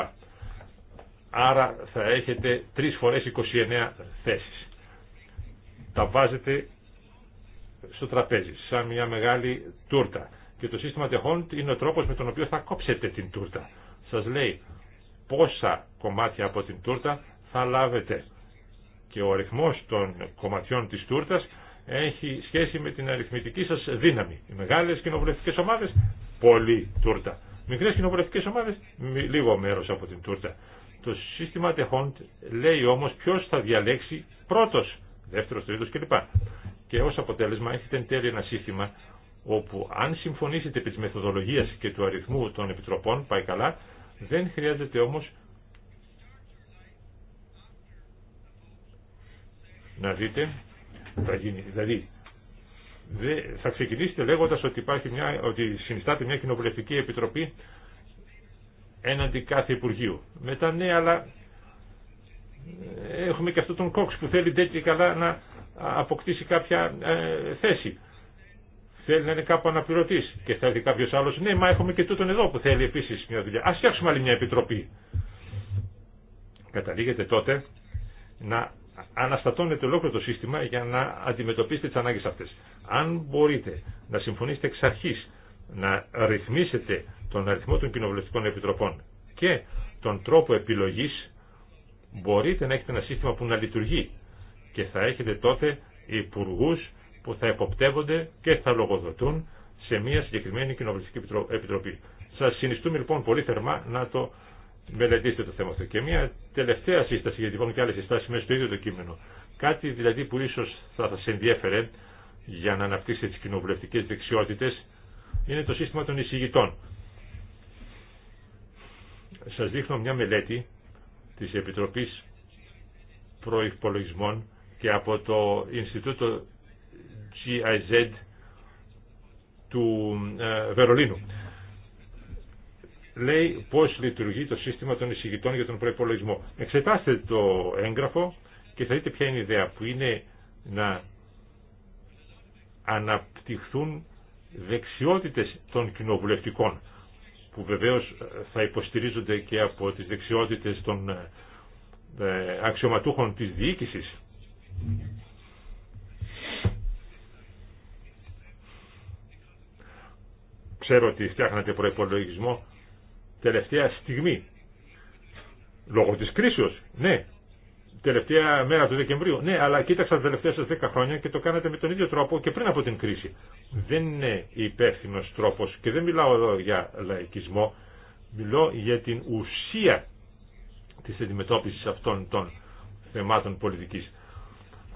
Άρα θα έχετε τρεις φορές 29 θέσεις. Τα βάζετε στο τραπέζι, σαν μια μεγάλη τούρτα. Και το σύστημα τεχών είναι ο τρόπος με τον οποίο θα κόψετε την τούρτα. Σας λέει πόσα κομμάτια από την τούρτα θα λάβετε. Και ο αριθμός των κομματιών της τούρτας έχει σχέση με την αριθμητική σας δύναμη. Οι μεγάλες κοινοβουλευτικές ομάδες, πολύ τούρτα. Μικρές κοινοβουλευτικές ομάδες, λίγο μέρος από την τούρτα. Το σύστημα τεχόντ λέει όμως ποιος θα διαλέξει πρώτος, δεύτερος, τρίτος κλπ. Και ως αποτέλεσμα έχετε εν τέλει ένα σύστημα όπου αν συμφωνήσετε επί της μεθοδολογίας και του αριθμού των επιτροπών, πάει καλά, δεν χρειάζεται όμως να δείτε θα Δηλαδή, θα ξεκινήσετε λέγοντα ότι, μια, ότι συνιστάται μια κοινοβουλευτική επιτροπή έναντι κάθε Υπουργείου. Μετά ναι, αλλά ε, έχουμε και αυτόν τον Κόξ που θέλει τέτοια καλά να αποκτήσει κάποια ε, θέση. Θέλει να είναι κάπου αναπληρωτή. Και θα έρθει κάποιο άλλο. Ναι, μα έχουμε και τούτον εδώ που θέλει επίση μια δουλειά. Α φτιάξουμε άλλη μια επιτροπή. Καταλήγεται τότε να αναστατώνετε ολόκληρο το σύστημα για να αντιμετωπίσετε τι ανάγκε αυτές. Αν μπορείτε να συμφωνήσετε εξ αρχής να ρυθμίσετε τον αριθμό των κοινοβουλευτικών επιτροπών και τον τρόπο επιλογής μπορείτε να έχετε ένα σύστημα που να λειτουργεί και θα έχετε τότε υπουργού που θα εποπτεύονται και θα λογοδοτούν σε μια συγκεκριμένη κοινοβουλευτική επιτροπή. Σα συνιστούμε λοιπόν πολύ θερμά να το μελετήστε το θέμα αυτό. Και μια τελευταία σύσταση, γιατί υπάρχουν και άλλε συστάσει μέσα στο ίδιο το κείμενο. Κάτι δηλαδή που ίσω θα σα ενδιέφερε για να αναπτύξετε τι κοινοβουλευτικέ δεξιότητε είναι το σύστημα των εισηγητών. Σα δείχνω μια μελέτη τη Επιτροπή Προπολογισμών και από το Ινστιτούτο GIZ του ε, Βερολίνου λέει πώ λειτουργεί το σύστημα των εισηγητών για τον προπολογισμό. Εξετάστε το έγγραφο και θα δείτε ποια είναι η ιδέα που είναι να αναπτυχθούν δεξιότητες των κοινοβουλευτικών που βεβαίως θα υποστηρίζονται και από τις δεξιότητες των ε, αξιωματούχων της διοίκησης. Ξέρω ότι φτιάχνατε προϋπολογισμό τελευταία στιγμή. Λόγω της κρίσεως, ναι. Τελευταία μέρα του Δεκεμβρίου. Ναι, αλλά κοίταξα τα τελευταία σας 10 χρόνια και το κάνατε με τον ίδιο τρόπο και πριν από την κρίση. Δεν είναι υπεύθυνο τρόπος και δεν μιλάω εδώ για λαϊκισμό. Μιλώ για την ουσία της αντιμετώπισης αυτών των θεμάτων πολιτικής.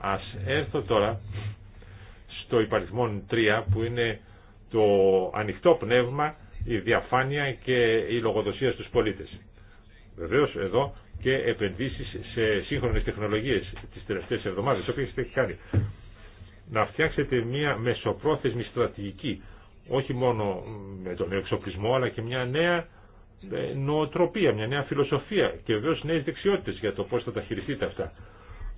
Ας έρθω τώρα στο υπαριθμόν 3 που είναι το ανοιχτό πνεύμα η διαφάνεια και η λογοδοσία στους πολίτες. Βεβαίως εδώ και επενδύσεις σε σύγχρονες τεχνολογίες τις τελευταίες εβδομάδες, όποιες έχετε κάνει. Να φτιάξετε μια μεσοπρόθεσμη στρατηγική, όχι μόνο με τον εξοπλισμό, αλλά και μια νέα ε, νοοτροπία, μια νέα φιλοσοφία και βεβαίως νέες δεξιότητες για το πώ θα τα χειριστείτε αυτά.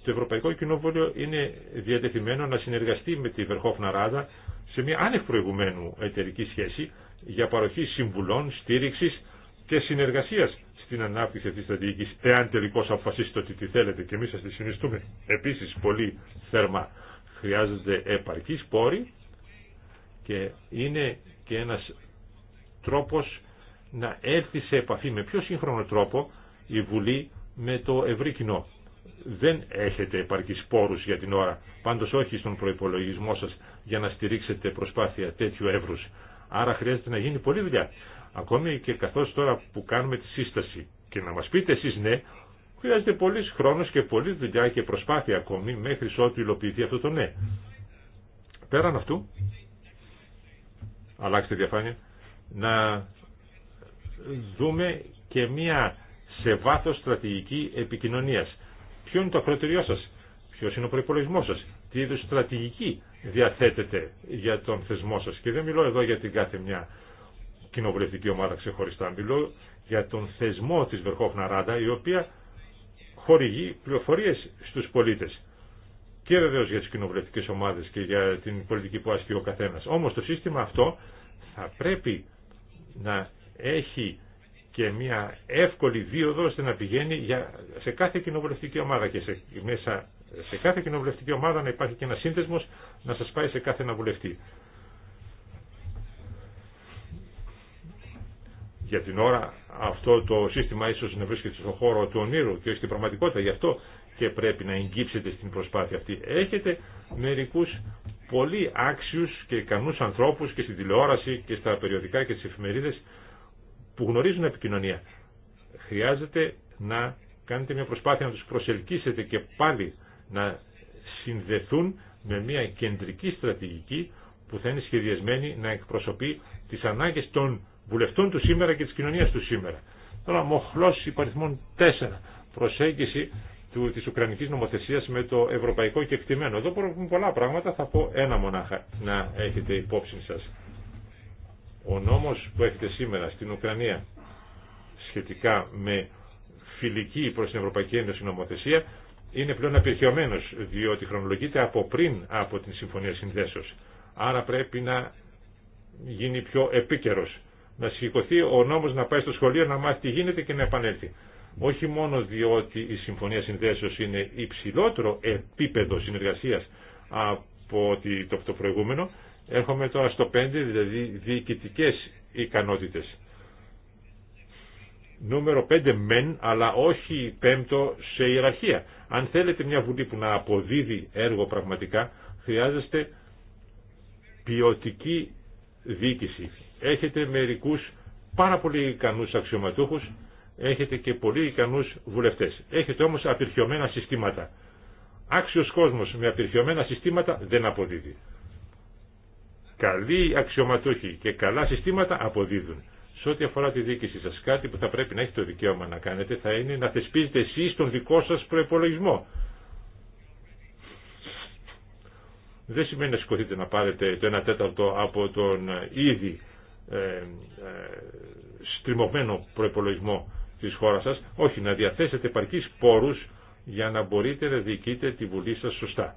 Το Ευρωπαϊκό Κοινόβουλιο είναι διατεθειμένο να συνεργαστεί με τη Βερχόφνα Ράδα σε μια άνευ προηγουμένου εταιρική σχέση για παροχή συμβουλών, στήριξη και συνεργασίας στην ανάπτυξη της στρατηγική, εάν τελικώς αποφασίσετε ότι τη θέλετε και εμεί σα τη συνιστούμε επίσης πολύ θερμά. Χρειάζονται επαρκή πόροι και είναι και ένας τρόπος να έρθει σε επαφή με πιο σύγχρονο τρόπο η Βουλή με το ευρύ κοινό. Δεν έχετε επαρκή πόρου για την ώρα, πάντω όχι στον προπολογισμό σα για να στηρίξετε προσπάθεια τέτοιου Εύρου. Άρα χρειάζεται να γίνει πολλή δουλειά. Ακόμη και καθώ τώρα που κάνουμε τη σύσταση και να μα πείτε εσεί ναι, χρειάζεται πολλή χρόνο και πολλή δουλειά και προσπάθεια ακόμη μέχρι ότου υλοποιηθεί αυτό το ναι. Πέραν αυτού, αλλάξτε διαφάνεια, να δούμε και μία σε βάθο στρατηγική επικοινωνίας. Ποιο είναι το ακροτηριό σα, ποιο είναι ο προπολογισμό σα, τι είδου στρατηγική διαθέτεται για τον θεσμό σας. Και δεν μιλώ εδώ για την κάθε μια κοινοβουλευτική ομάδα ξεχωριστά. Μιλώ για τον θεσμό της Βερχόφνα Ράντα, η οποία χορηγεί πληροφορίες στους πολίτες. Και βεβαίως για τις κοινοβουλευτικές ομάδες και για την πολιτική που ασκεί ο καθένας. Όμως το σύστημα αυτό θα πρέπει να έχει και μια εύκολη δίωδο ώστε να πηγαίνει για, σε κάθε κοινοβουλευτική ομάδα και μέσα σε κάθε κοινοβουλευτική ομάδα να υπάρχει και ένα σύνδεσμο να σα πάει σε κάθε ένα βουλευτή. Για την ώρα αυτό το σύστημα ίσως να βρίσκεται στον χώρο του ονείρου και όχι στην πραγματικότητα. Γι' αυτό και πρέπει να εγγύψετε στην προσπάθεια αυτή. Έχετε μερικούς πολύ άξιους και ικανούς ανθρώπους και στην τηλεόραση και στα περιοδικά και στι εφημερίδες που γνωρίζουν επικοινωνία. Χρειάζεται να κάνετε μια προσπάθεια να τους προσελκύσετε και πάλι να συνδεθούν με μια κεντρική στρατηγική που θα είναι σχεδιασμένη να εκπροσωπεί τις ανάγκες των βουλευτών του σήμερα και της κοινωνίας του σήμερα. Τώρα μοχλός υπαριθμών 4, προσέγγιση του, της Ουκρανικής νομοθεσίας με το ευρωπαϊκό κεκτημένο. Εδώ μπορούμε πολλά πράγματα, θα πω ένα μονάχα να έχετε υπόψη σας. Ο νόμος που έχετε σήμερα στην Ουκρανία σχετικά με φιλική προς την Ευρωπαϊκή Ένωση νομοθεσία είναι πλέον απειρχαιωμένο, διότι χρονολογείται από πριν από την Συμφωνία Συνδέσεως. Άρα πρέπει να γίνει πιο επίκαιρο. Να σηκωθεί ο νόμος να πάει στο σχολείο να μάθει τι γίνεται και να επανέλθει. Όχι μόνο διότι η Συμφωνία Συνδέσεως είναι υψηλότερο επίπεδο συνεργασίας από το προηγούμενο, έρχομαι τώρα στο 5, δηλαδή διοικητικέ ικανότητε νούμερο 5 μεν, αλλά όχι πέμπτο σε ιεραρχία. Αν θέλετε μια βουλή που να αποδίδει έργο πραγματικά, χρειάζεστε ποιοτική διοίκηση. Έχετε μερικούς πάρα πολύ ικανούς αξιωματούχους, έχετε και πολύ ικανούς βουλευτές. Έχετε όμως απειρχιωμένα συστήματα. Άξιος κόσμος με απειρχιωμένα συστήματα δεν αποδίδει. Καλοί αξιωματούχοι και καλά συστήματα αποδίδουν. Σε ό,τι αφορά τη διοίκηση σα κάτι που θα πρέπει να έχετε το δικαίωμα να κάνετε θα είναι να θεσπίζετε εσείς τον δικό σας προπολογισμό. Δεν σημαίνει να σηκωθείτε να πάρετε το 1 τέταρτο από τον ε, ήδη ε, ε, στριμωγμένο προπολογισμό της χώρας σας. Όχι, να διαθέσετε επαρκεί πόρους για να μπορείτε να διοικείτε τη Βουλή σας σωστά.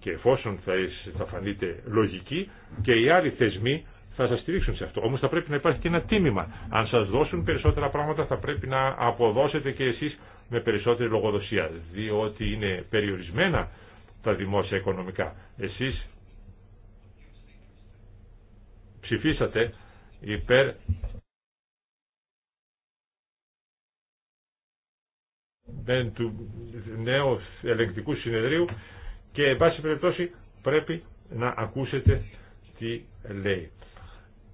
Και εφόσον θα, θα φανείτε λογικοί και οι άλλοι θεσμοί θα σας στηρίξουν σε αυτό. Όμως θα πρέπει να υπάρχει και ένα τίμημα. Αν σας δώσουν περισσότερα πράγματα θα πρέπει να αποδώσετε και εσείς με περισσότερη λογοδοσία. Διότι είναι περιορισμένα τα δημόσια οικονομικά. Εσείς ψηφίσατε υπέρ του νέου ελεγκτικού συνεδρίου και εν πάση περιπτώσει πρέπει να ακούσετε τι λέει.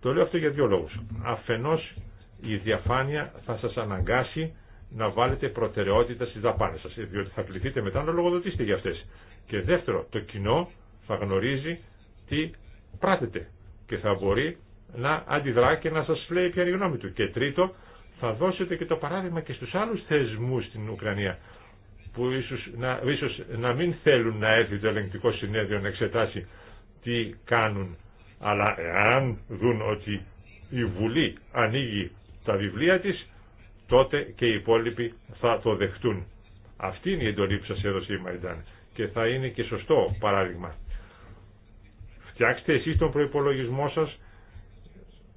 Το λέω αυτό για δύο λόγους. Αφενός η διαφάνεια θα σας αναγκάσει να βάλετε προτεραιότητα στις δαπάνες σας, διότι θα κληθείτε μετά να λογοδοτήσετε για αυτές. Και δεύτερο, το κοινό θα γνωρίζει τι πράτετε και θα μπορεί να αντιδρά και να σας λέει ποια είναι η γνώμη του. Και τρίτο, θα δώσετε και το παράδειγμα και στους άλλους θεσμούς στην Ουκρανία που ίσως να, ίσως να μην θέλουν να έρθει το ελεγκτικό συνέδριο να εξετάσει τι κάνουν αλλά εάν δουν ότι η Βουλή ανοίγει τα βιβλία της, τότε και οι υπόλοιποι θα το δεχτούν. Αυτή είναι η εντολή που σας έδωσε η Μαϊντάν και θα είναι και σωστό παράδειγμα. Φτιάξτε εσείς τον προϋπολογισμό σας,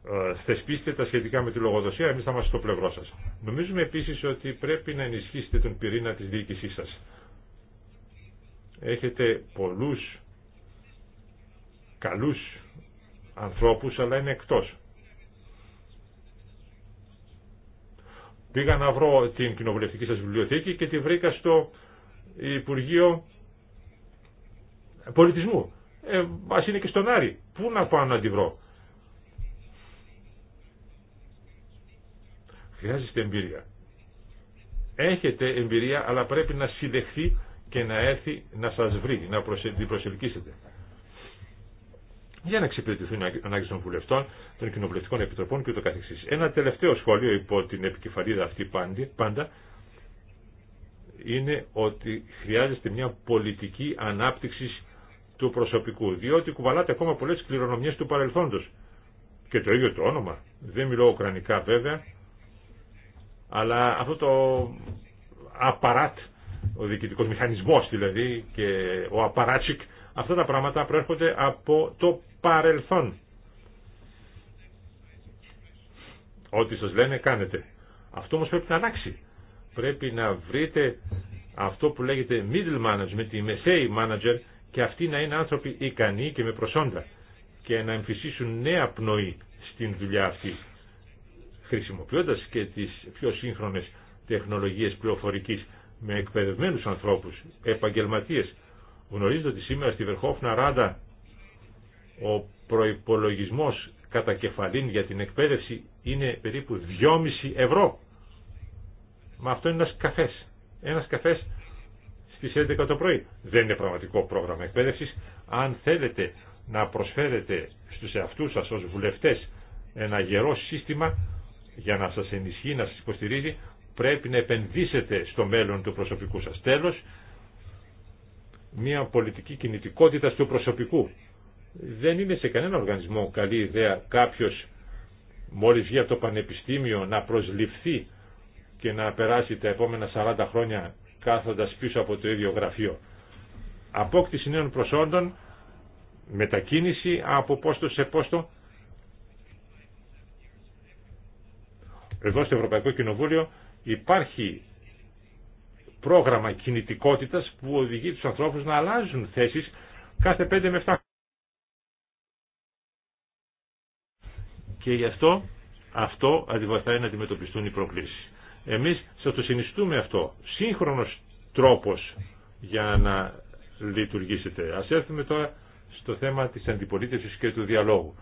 ε, θεσπίστε τα σχετικά με τη λογοδοσία, εμείς θα είμαστε στο πλευρό σας. Νομίζουμε επίσης ότι πρέπει να ενισχύσετε τον πυρήνα της διοίκησής σας. Έχετε πολλούς καλούς ανθρώπους αλλά είναι εκτός. Πήγα να βρω την κοινοβουλευτική σας βιβλιοθήκη και τη βρήκα στο Υπουργείο Πολιτισμού. Ε, ας είναι και στον Άρη. Πού να πάω να τη βρω. Χρειάζεστε εμπειρία. Έχετε εμπειρία αλλά πρέπει να συνδεχθεί και να έρθει να σας βρει, να την προσελκύσετε για να εξυπηρετηθούν οι ανάγκε των βουλευτών, των κοινοβουλευτικών επιτροπών κ.ο.κ. Ένα τελευταίο σχόλιο υπό την επικεφαλίδα αυτή πάντα είναι ότι χρειάζεται μια πολιτική ανάπτυξη του προσωπικού, διότι κουβαλάτε ακόμα πολλέ κληρονομιέ του παρελθόντο. Και το ίδιο το όνομα. Δεν μιλώ ουκρανικά βέβαια, αλλά αυτό το απαράτ, ο διοικητικό μηχανισμό δηλαδή και ο απαράτσικ Αυτά τα πράγματα προέρχονται από το παρελθόν. Ό,τι σας λένε κάνετε. Αυτό όμως πρέπει να αλλάξει. Πρέπει να βρείτε αυτό που λέγεται middle management, η μεσαίη manager και αυτοί να είναι άνθρωποι ικανοί και με προσόντα και να εμφυσίσουν νέα πνοή στην δουλειά αυτή χρησιμοποιώντας και τις πιο σύγχρονες τεχνολογίες πληροφορικής με εκπαιδευμένους ανθρώπους, επαγγελματίες Γνωρίζετε ότι σήμερα στη Βερχόφνα Ράντα ο προϋπολογισμός κατά κεφαλήν για την εκπαίδευση είναι περίπου 2,5 ευρώ. Μα αυτό είναι ένας καφές. Ένας καφές στις 11 το πρωί. Δεν είναι πραγματικό πρόγραμμα εκπαίδευσης. Αν θέλετε να προσφέρετε στους εαυτούς σας ως βουλευτές ένα γερό σύστημα για να σας ενισχύει, να σας υποστηρίζει, πρέπει να επενδύσετε στο μέλλον του προσωπικού σας. Τέλος, μια πολιτική κινητικότητα του προσωπικού. Δεν είναι σε κανένα οργανισμό καλή ιδέα κάποιος μόλις βγει από το πανεπιστήμιο να προσληφθεί και να περάσει τα επόμενα 40 χρόνια κάθοντας πίσω από το ίδιο γραφείο. Απόκτηση νέων προσόντων, μετακίνηση από πόστο σε πόστο. Εδώ στο Ευρωπαϊκό Κοινοβούλιο υπάρχει πρόγραμμα κινητικότητας που οδηγεί τους ανθρώπους να αλλάζουν θέσεις κάθε 5 με 7 Και γι' αυτό, αυτό αντιβαθάει να αντιμετωπιστούν οι προκλήσεις. Εμείς θα το συνιστούμε αυτό. Σύγχρονος τρόπος για να λειτουργήσετε. Ας έρθουμε τώρα στο θέμα της αντιπολίτευσης και του διαλόγου.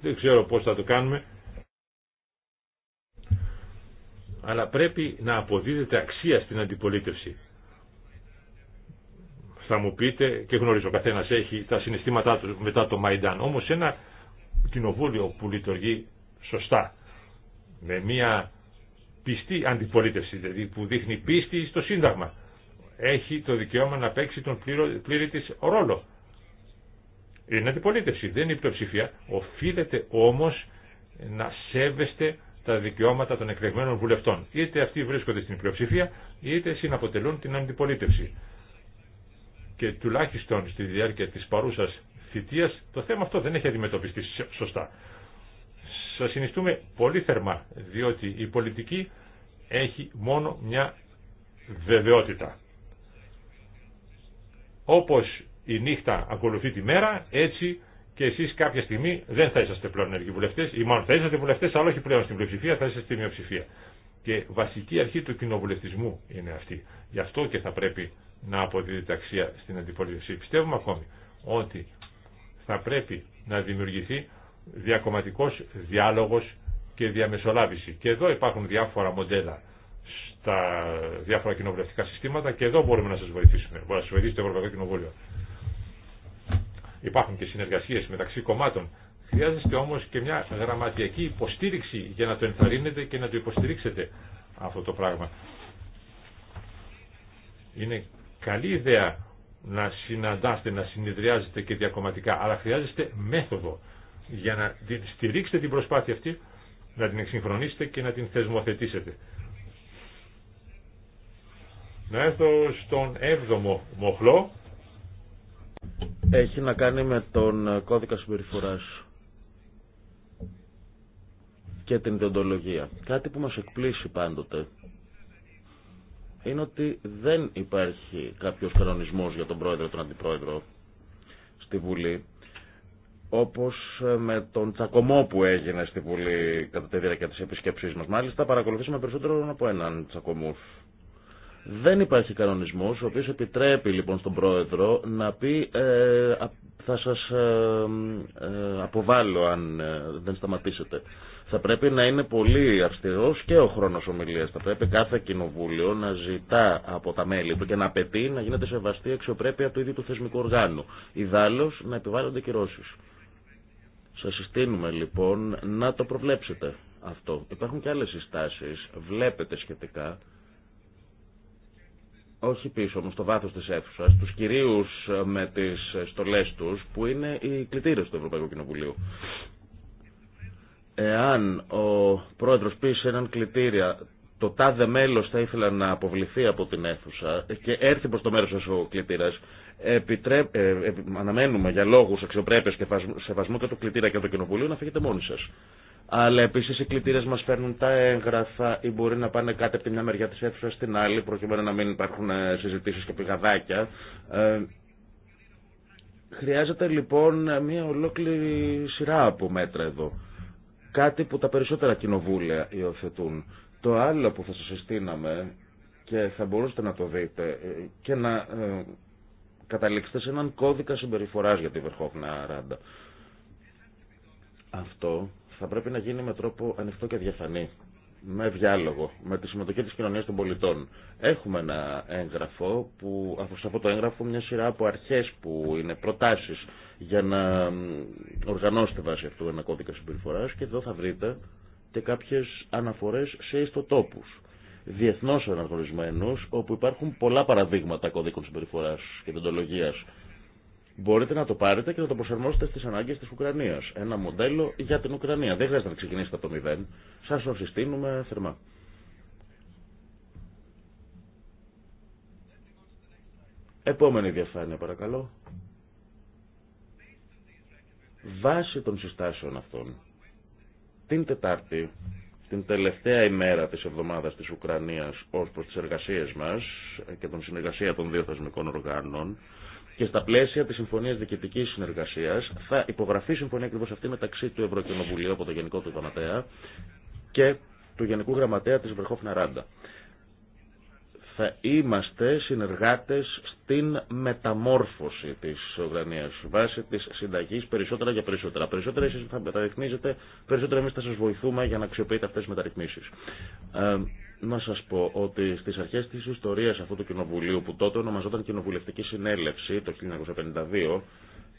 Δεν ξέρω πώς θα το κάνουμε. αλλά πρέπει να αποδίδεται αξία στην αντιπολίτευση. Θα μου πείτε, και γνωρίζω, ο καθένας έχει τα συναισθήματά του μετά το Μαϊντάν, όμως ένα κοινοβούλιο που λειτουργεί σωστά, με μια πιστή αντιπολίτευση, δηλαδή που δείχνει πίστη στο Σύνταγμα, έχει το δικαίωμα να παίξει τον πλήρη της ρόλο. Είναι αντιπολίτευση, δεν είναι πλειοψηφία. Οφείλεται όμως να σέβεστε τα δικαιώματα των εκλεγμένων βουλευτών. Είτε αυτοί βρίσκονται στην πλειοψηφία, είτε συναποτελούν την αντιπολίτευση. Και τουλάχιστον στη διάρκεια τη παρούσα θητεία, το θέμα αυτό δεν έχει αντιμετωπιστεί σωστά. Σα συνιστούμε πολύ θερμά, διότι η πολιτική έχει μόνο μια βεβαιότητα. Όπως η νύχτα ακολουθεί τη μέρα, έτσι και εσεί κάποια στιγμή δεν θα είσαστε πλέον ενεργοί βουλευτέ, ή μάλλον θα είσαστε βουλευτέ, αλλά όχι πλέον στην πλειοψηφία θα είστε στη μειοψηφία. Και βασική αρχή του κοινοβουλευτισμού είναι αυτή. Γι' αυτό και θα πρέπει να αποδίδεται αξία στην αντιπολίτευση. Πιστεύουμε ακόμη ότι θα πρέπει να δημιουργηθεί διακομματικό διάλογο και διαμεσολάβηση. Και εδώ υπάρχουν διάφορα μοντέλα στα διάφορα κοινοβουλευτικά συστήματα και εδώ μπορούμε να σα βοηθήσουμε. Μπορεί να σα βοηθήσει το Ευρωπαϊκό Κοινοβούλιο. Υπάρχουν και συνεργασίες μεταξύ κομμάτων. Χρειάζεστε όμως και μια γραμματιακή υποστήριξη για να το ενθαρρύνετε και να το υποστηρίξετε αυτό το πράγμα. Είναι καλή ιδέα να συναντάστε, να συνειδριάζετε και διακομματικά, αλλά χρειάζεστε μέθοδο για να στηρίξετε την προσπάθεια αυτή, να την εξυγχρονίσετε και να την θεσμοθετήσετε. Να έρθω στον έβδομο μοχλό, έχει να κάνει με τον ε, κώδικα συμπεριφοράς και την ιδεοντολογία. Κάτι που μας εκπλήσει πάντοτε είναι ότι δεν υπάρχει κάποιος κανονισμός για τον πρόεδρο τον αντιπρόεδρο στη Βουλή όπως ε, με τον τσακωμό που έγινε στη Βουλή κατά τη διάρκεια της επισκέψής μας. Μάλιστα παρακολουθήσαμε περισσότερο από έναν τσακωμούς δεν υπάρχει κανονισμός ο οποίος επιτρέπει λοιπόν στον πρόεδρο να πει ε, θα σας ε, ε αν ε, δεν σταματήσετε. Θα πρέπει να είναι πολύ αυστηρός και ο χρόνος ομιλίας. Θα πρέπει κάθε κοινοβούλιο να ζητά από τα μέλη του και να απαιτεί να γίνεται σεβαστή αξιοπρέπεια του ίδιου του θεσμικού οργάνου. Ιδάλλως να επιβάλλονται κυρώσεις. Σας συστήνουμε λοιπόν να το προβλέψετε αυτό. Υπάρχουν και άλλες συστάσεις, βλέπετε σχετικά, όχι πίσω μου, στο βάθος της αίθουσα, τους κυρίους ε, με τις στολές τους, που είναι οι κλητήρες του Ευρωπαϊκού Κοινοβουλίου. Εάν ο πρόεδρος πει σε έναν κλητήρια το τάδε μέλος θα ήθελα να αποβληθεί από την αίθουσα και έρθει προς το μέρος σας ο κλητήρας, επιτρέ... Ε, ε, αναμένουμε για λόγους αξιοπρέπειας και σεβασμού και του κλητήρα και του κοινοβουλίου να φύγετε μόνοι σας. Αλλά επίση οι κλητήρε μα φέρνουν τα έγγραφα ή μπορεί να πάνε κάτι από τη μια μεριά τη αίθουσα στην άλλη, προκειμένου να μην υπάρχουν ε, συζητήσει και πηγαδάκια. Ε, χρειάζεται λοιπόν ε, μια ολόκληρη σειρά από μέτρα εδώ. Κάτι που τα περισσότερα κοινοβούλια υιοθετούν. Το άλλο που θα σας συστήναμε και θα μπορούσατε να το δείτε και να καταλήξετε σε έναν κώδικα συμπεριφορά για τη Βερχόπνα Ράντα. Αυτό θα πρέπει να γίνει με τρόπο ανοιχτό και διαφανή. Με διάλογο, με τη συμμετοχή τη κοινωνία των πολιτών. Έχουμε ένα έγγραφο που, σε αυτό το έγγραφο, μια σειρά από αρχέ που είναι προτάσει για να οργανώσετε βάσει αυτού ένα κώδικα συμπεριφορά και εδώ θα βρείτε και κάποιε αναφορέ σε ιστοτόπου διεθνώ αναγνωρισμένου, όπου υπάρχουν πολλά παραδείγματα κώδικων συμπεριφορά και δοντολογία μπορείτε να το πάρετε και να το προσαρμόσετε στι ανάγκε τη Ουκρανία. Ένα μοντέλο για την Ουκρανία. Δεν χρειάζεται να ξεκινήσετε από το μηδέν. Σα το συστήνουμε θερμά. Επόμενη διαφάνεια παρακαλώ. Βάσει των συστάσεων αυτών, την Τετάρτη, την τελευταία ημέρα της εβδομάδας της Ουκρανίας ως προς τις εργασίες μας και τον συνεργασία των δύο θεσμικών οργάνων, και στα πλαίσια τη Συμφωνία Διοικητική Συνεργασία θα υπογραφεί η συμφωνία ακριβώ αυτή μεταξύ του Ευρωκοινοβουλίου από το Γενικό του Γραμματέα και του Γενικού Γραμματέα τη Βερχόφνα Ράντα θα είμαστε συνεργάτες στην μεταμόρφωση της ουρανίας βάσει της συνταγής περισσότερα για περισσότερα. Περισσότερα εσείς θα μεταρρυθμίζετε, περισσότερα εμείς θα σας βοηθούμε για να αξιοποιείτε αυτές τις μεταρρυθμίσεις. Ε, να σας πω ότι στις αρχές της ιστορίας αυτού του κοινοβουλίου που τότε ονομαζόταν Κοινοβουλευτική Συνέλευση το 1952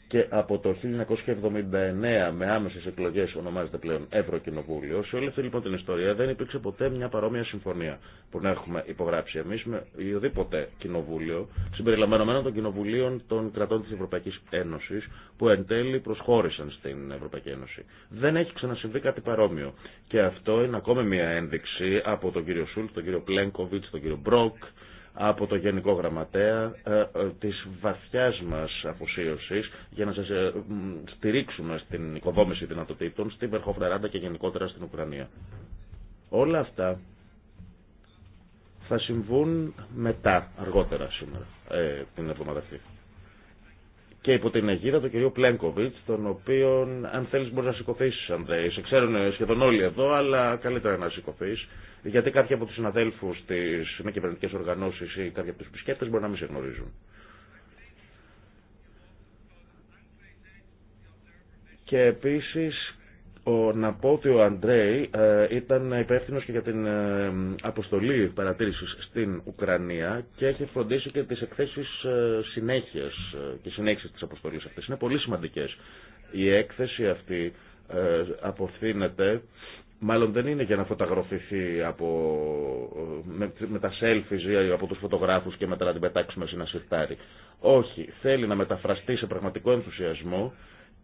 και από το 1979 με άμεσες εκλογές ονομάζεται πλέον Ευρωκοινοβούλιο. Σε όλη αυτή λοιπόν την ιστορία δεν υπήρξε ποτέ μια παρόμοια συμφωνία που να έχουμε υπογράψει εμείς με οποιοδήποτε κοινοβούλιο συμπεριλαμβανομένων των κοινοβουλίων των κρατών της Ευρωπαϊκής Ένωσης που εν τέλει προσχώρησαν στην Ευρωπαϊκή Ένωση. Δεν έχει ξανασυμβεί κάτι παρόμοιο και αυτό είναι ακόμη μια ένδειξη από τον κύριο Σούλτ, τον κύριο Πλένκοβιτ, τον κύριο Μπρόκ από το Γενικό Γραμματέα ε, ε, της βαθιάς μας αφοσίωσης για να σας ε, στηρίξουμε στην οικοδόμηση δυνατοτήτων στην Περχοφραράντα και γενικότερα στην Ουκρανία. Όλα αυτά θα συμβούν μετά, αργότερα σήμερα, την εβδομάδα αυτή και υπό την αιγύδα του κυρίου Πλέγκοβιτ, τον οποίο αν θέλει μπορεί να σηκωθεί, Ανδρέη. Σε ξέρουν ε, σχεδόν όλοι εδώ, αλλά καλύτερα να σηκωθεί, γιατί κάποιοι από του συναδέλφου τη με κυβερνητική οργανώσει ή κάποιοι από του επισκέπτε μπορεί να μην σε γνωρίζουν. Και επίσης ο, να πω ο ε, ήταν υπεύθυνο και για την ε, αποστολή παρατήρηση στην Ουκρανία και έχει φροντίσει και τις εκθέσεις ε, συνέχειας ε, και συνέχεια της αποστολή αυτή. Είναι πολύ σημαντικές. Η έκθεση αυτή ε, Μάλλον δεν είναι για να φωταγραφηθεί από, με, τα selfies ή από τους φωτογράφους και μετά να την πετάξουμε σε ένα σιρτάρι. Όχι, θέλει να μεταφραστεί σε πραγματικό ενθουσιασμό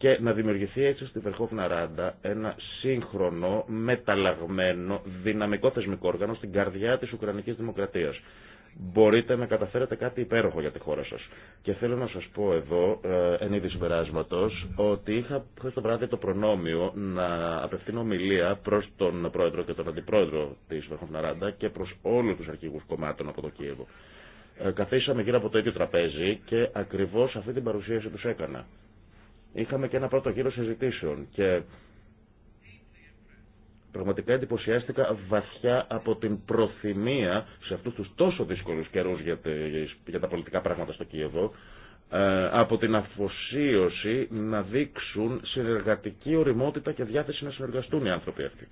και να δημιουργηθεί έτσι στη Βερχόφνα Ράντα ένα σύγχρονο, μεταλλαγμένο, δυναμικό θεσμικό όργανο στην καρδιά της Ουκρανικής Δημοκρατίας. Μπορείτε να καταφέρετε κάτι υπέροχο για τη χώρα σας. Και θέλω να σας πω εδώ, ε, εν είδη συμπεράσματος, ότι είχα χθε το βράδυ το προνόμιο να απευθύνω ομιλία προς τον πρόεδρο και τον αντιπρόεδρο της Βερχόφνα Ράντα και προς όλους τους αρχηγούς κομμάτων από το Κίεβο. Ε, καθίσαμε γύρω από το ίδιο τραπέζι και ακριβώ αυτή την παρουσίαση του έκανα Είχαμε και ένα πρώτο γύρο συζητήσεων και πραγματικά εντυπωσιάστηκα βαθιά από την προθυμία σε αυτούς τους τόσο δύσκολους καιρούς για, τα πολιτικά πράγματα στο Κίεβο ε, από την αφοσίωση να δείξουν συνεργατική οριμότητα και διάθεση να συνεργαστούν οι άνθρωποι αυτοί.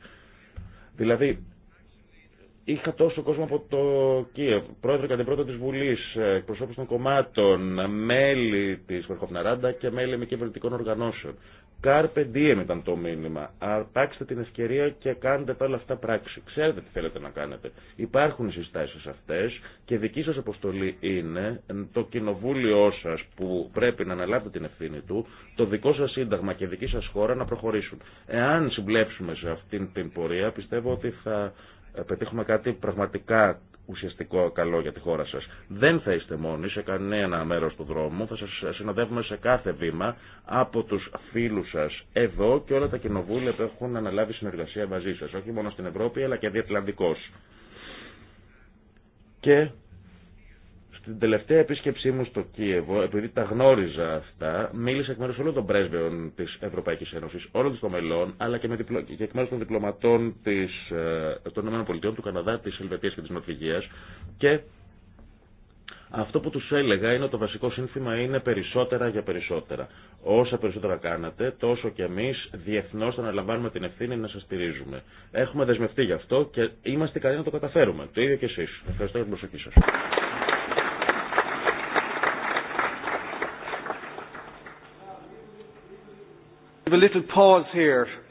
Δηλαδή, Είχα τόσο κόσμο από το Κίεβ, πρόεδρο και αντιπρόεδρο τη Βουλή, ε, εκπροσώπου των κομμάτων, μέλη τη Φερχοφναράντα και μέλη μη κυβερνητικών οργανώσεων. Carpe diem ήταν το μήνυμα. Αρπάξτε την ευκαιρία και κάντε τα όλα αυτά πράξη. Ξέρετε τι θέλετε να κάνετε. Υπάρχουν οι συστάσεις αυτές και δική σας αποστολή είναι το κοινοβούλιο σας που πρέπει να αναλάβετε την ευθύνη του, το δικό σας σύνταγμα και δική σας χώρα να προχωρήσουν. Εάν συμπλέψουμε σε αυτήν την πορεία πιστεύω ότι θα ε, πετύχουμε κάτι πραγματικά ουσιαστικό καλό για τη χώρα σας. Δεν θα είστε μόνοι σε κανένα μέρος του δρόμου, θα σας συνοδεύουμε σε κάθε βήμα από τους φίλους σας εδώ και όλα τα κοινοβούλια που έχουν αναλάβει συνεργασία μαζί σας, όχι μόνο στην Ευρώπη αλλά και διατλαντικός. Και στην τελευταία επίσκεψή μου στο Κίεβο, επειδή τα γνώριζα αυτά, μίλησα εκ μέρου όλων των πρέσβεων τη Ευρωπαϊκή Ένωση, όλων των μελών, αλλά και, με διπλο... εκ μέρου των διπλωματών της, ε, των ΗΠΑ, του Καναδά, τη Ελβετία και τη Νορβηγία. Και αυτό που του έλεγα είναι ότι το βασικό σύνθημα είναι περισσότερα για περισσότερα. Όσα περισσότερα κάνατε, τόσο και εμείς διεθνώ θα αναλαμβάνουμε την ευθύνη να σα στηρίζουμε. Έχουμε δεσμευτεί γι' αυτό και είμαστε καλοί να το καταφέρουμε. Το ίδιο και εσεί. Ευχαριστώ για την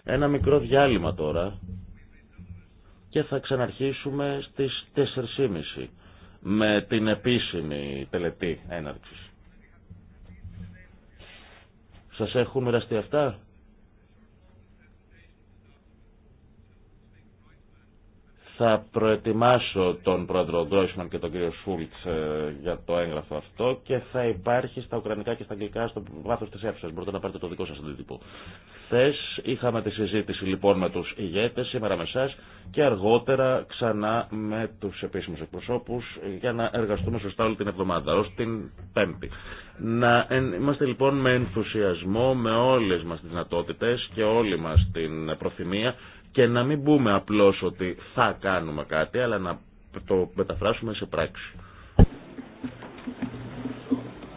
Ένα μικρό διάλειμμα τώρα και θα ξαναρχίσουμε στις 4.30 με την επίσημη τελετή έναρξης. Σας έχουν μοιραστεί αυτά. Θα προετοιμάσω τον πρόεδρο Γκρόισμαν και τον κύριο Σούλτ ε, για το έγγραφο αυτό και θα υπάρχει στα Ουκρανικά και στα Αγγλικά στο βάθο τη αίθουσα. Μπορείτε να πάρετε το δικό σα αντίτυπο. Χθε είχαμε τη συζήτηση λοιπόν με του ηγέτε, σήμερα με εσά και αργότερα ξανά με του επίσημου εκπροσώπου για να εργαστούμε σωστά όλη την εβδομάδα, ω την Πέμπτη. Να είμαστε λοιπόν με ενθουσιασμό, με όλε μα τι δυνατότητε και όλη μα την προθυμία και να μην πούμε απλώς ότι θα κάνουμε κάτι, αλλά να το μεταφράσουμε σε πράξη.